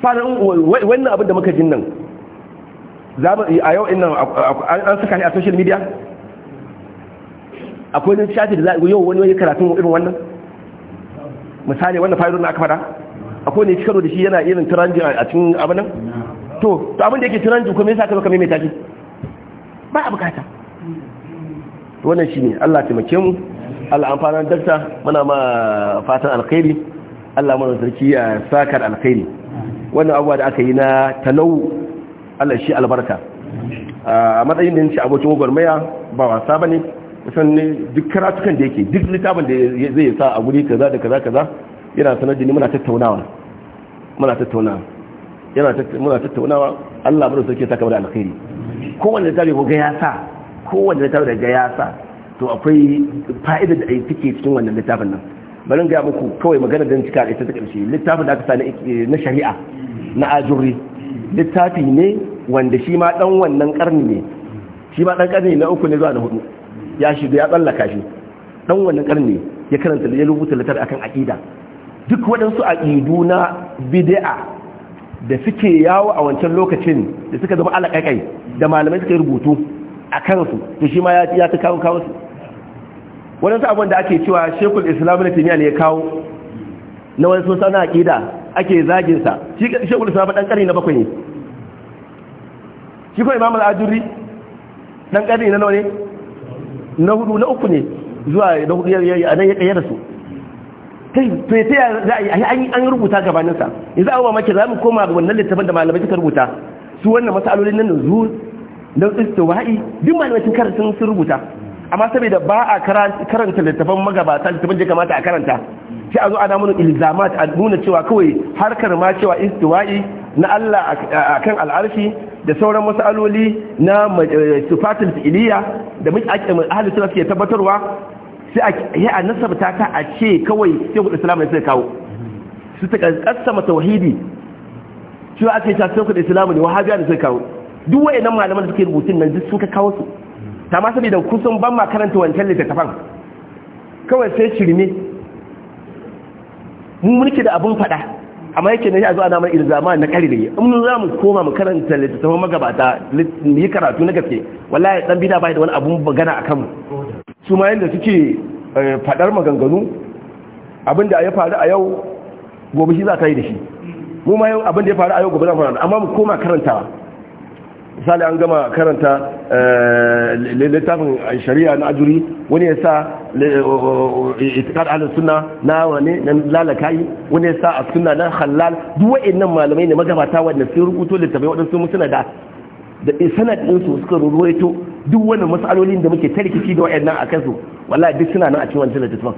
fadin wannan abin da muka jin nan a yau ina an saka ne a social media akwai wani shafi da za a yau wani wani karatun irin wannan misali wannan fayar na aka fada akwai ne cikaro da shi yana irin turanji a cikin abin nan to to abin da yake turanji kuma yasa ka zo ka mai shi ba a bukata wannan shine Allah taimake mu Allah amfanar dakta muna ma fatan alkhairi Allah mana sarki ya sakar alkhairi wannan abuwa da aka yi na talau, Allah shi albarka a matsayin da ni shi abokin gwagwarmaya ba wasa bane kusan duk karatukan da yake duk littafin da zai sa a guri kaza da kaza kaza yana sanar da ni muna tattaunawa muna tattaunawa yana muna tattaunawa Allah bada sarki ta kamar alkhairi kowanne littafi ko ga ya sa kowanne littafi da ga ya sa to akwai fa'idar da take cikin wannan littafin nan bari ga muku kawai magana da cika ita ta karshe littafin da aka sa na shari'a na ajuri littafi ne wanda shi ma dan wannan karni ne shi ma dan karni na uku ne zuwa na hudu ya shiga ya tsallaka shi ɗan wannan ƙarni ya karanta ya rubuta littafi akan aƙida duk waɗansu aƙidu na bide'a da suke yawo a wancan lokacin da suka zama alaƙaƙai da malamai suka rubutu a kansu to shi ma ya ta kawo kawo su waɗansu abin da ake cewa shekul islam na timiya ne ya kawo na wani sosa na aƙida ake zaginsa shi shekul islam ɗan ƙarni na bakwai ne shi kuma imam al'aduri ɗan ƙarni na nawa ne na hudu na uku ne zuwa na hudu a nan ya ɗaya da su to ya za a yi an rubuta gabaninsa yanzu abubuwa maki za mu koma ga wannan littafin da malamai suka rubuta su wannan matsalolin nan zu na istiwa'i duk malamai sun karanta sun rubuta amma saboda ba a karanta littafin magabata littafin da kamata a karanta sai a zo ana mana ilzamat a nuna cewa kawai harkar ma cewa istiwa'i na Allah akan al'arshi da sauran masaloli na eh, sufatul fi'iliya da ahli sunna suke tabbatarwa sai a a nasabta ta a ce kawai sai shekul islam ne sai kawo su ta kassama tauhidi cewa aka yi sai shekul islam ne wahabiya ne sai kawo duk wayannan malaman da suke rubutun nan duk sun ka kawo su ta ma saboda kusan ban ma karanta wancan littattafan kawai sai shirme mu mulki da abun faɗa amma yake ne a zuwa ana mana ilzama na kare da in mun za mu koma mu karanta littattafan magabata mu yi karatu na gaske wallahi dan bida bai da wani abun magana akan mu su ma yanda suke eh, fadar maganganu abinda ya faru a yau gobe shi za ta yi da shi mu ma yau abinda ya faru a yau gobe za mu amma mu koma karantawa misali an gama karanta eh, littafin shari'a na ajuri wani ya sa itikad ahlus suna na wane na lalakayi wani ya sa a suna na halal duk wa'annan malamai ne magabata wanda sun rubuto littafai waɗansu mu suna da da sanad din su suka rubuto duk wannan matsalolin da muke tarkici da wa'annan a su wallahi duk suna nan a cikin wannan littafin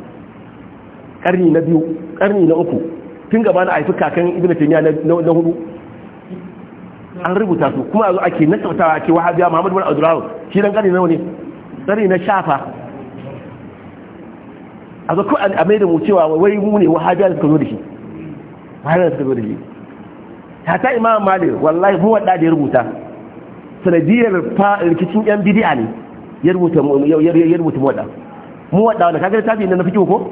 karni na biyu karni na uku tun gaba na haifi kakan Ibn taymiya na hudu an rubuta su kuma zo ake nasautawa ake wahabiya muhammadu bin abdullahi shi dan kare nawa ne tsari na shafa a zako a mai da mu cewa wai mu ne wahabiya da suka zo da shi wahabiya da suka zo da shi hata imam malik wallahi mu wadda da ya rubuta sanadiyar rikicin yan bidi'a ne ya rubuta mu wadda mu wadda wanda kaga tafi ne na fiki ko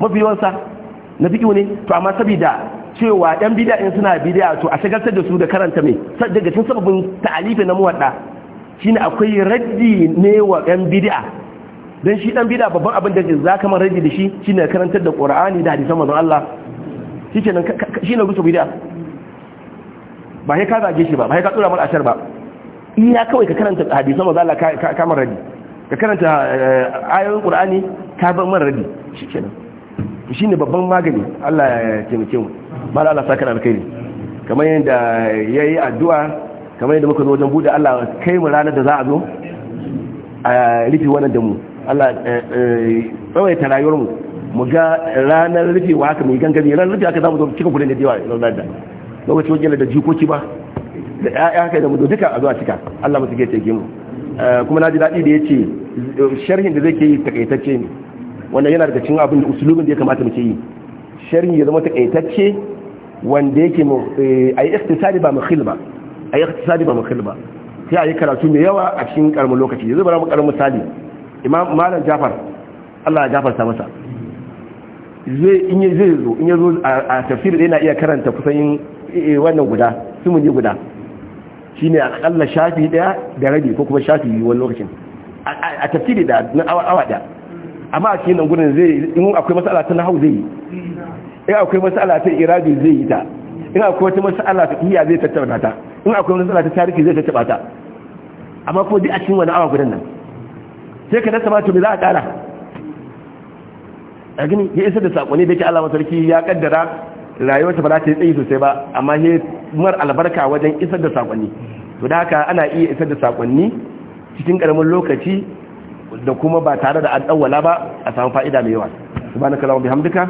mafi yawansa na fiki ne to amma sabida cewa ɗan bida in suna bida to a shagaltar da su da karanta mai daga cikin sababin ta'alifi na muwadda ne akwai raddi ne wa ɗan bida Don shi ɗan bida babban abin da za ka man raddi da shi shi ne karantar da ƙura'ani da hadisan mazan Allah shi ne rusa bida ba ya ka zage shi ba ba ya ka tsura mar ashar ba iya kawai ka karanta hadisan mazan Allah ka man raddi ka karanta eh, ayoyin ƙura'ani ka bar man raddi shi ne babban magani Allah ya taimake mu mala Allah saka alkhairi kamar yadda yayi addu'a kamar yadda muka zo wajen bude Allah kai mu ranar da za a zo a rufe wannan da mu Allah eh, eh, tsawaita rayuwar mu mu ga ranar wa haka mai gangami ranar rufe haka za mu zo cikin kudin da yawa ranar da lokacin wajen da jikoki ba da ya haka da mu zo duka a zuwa cika Allah mu suke tege mu eh, kuma na ji daɗi da ya ce sharhin da zai ke yi takaitacce ne wannan yana daga cikin abin da usulubin da ya kamata mu ke yi sharhin ya zama takaitacce wanda yake eh, a yi iktisari ba mukhil ba a yi iktisari ba mu ba sai a yi karatu mai yawa a cikin karamin lokaci yanzu bara mu karamin misali imam malam jafar Allah ya ta masa zai in yi zai zo in ya zo a tafsir da yana iya karanta kusan eh, wannan guda sumun yi guda shine akalla shafi daya da rabi ko kuma shafi yi wani lokacin a tafsiri da na awa daya amma a cikin nan gudun zai in akwai matsala ta nahau zai yi in akwai matsala ta irabi zai yi ta in akwai wata matsala ta iya zai tattauna ta in akwai matsala ta tarihi zai tattaba ta amma ko duk a cikin wani awa gudan nan sai ka dasa to me za a kara a gini ya isa da sakonni da ke Allah masarki ya kaddara rayuwarsa ba za ta yi tsayi sosai ba amma ya mar albarka wajen isar da sakonni to da haka ana iya isar da sakonni cikin karamin lokaci da kuma ba tare da an ɗauwala ba a samu fa'ida mai yawa subhanaka allahumma bihamdika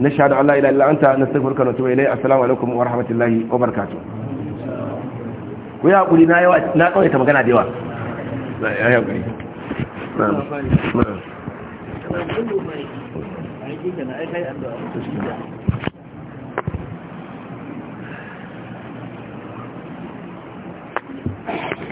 نشهد ان لا اله الا انت نستغفرك ونتوب اليك السلام عليكم ورحمه الله وبركاته ku ya hakuri na yawa na kawai ta magana da yawa ya yi hakuri Thank you.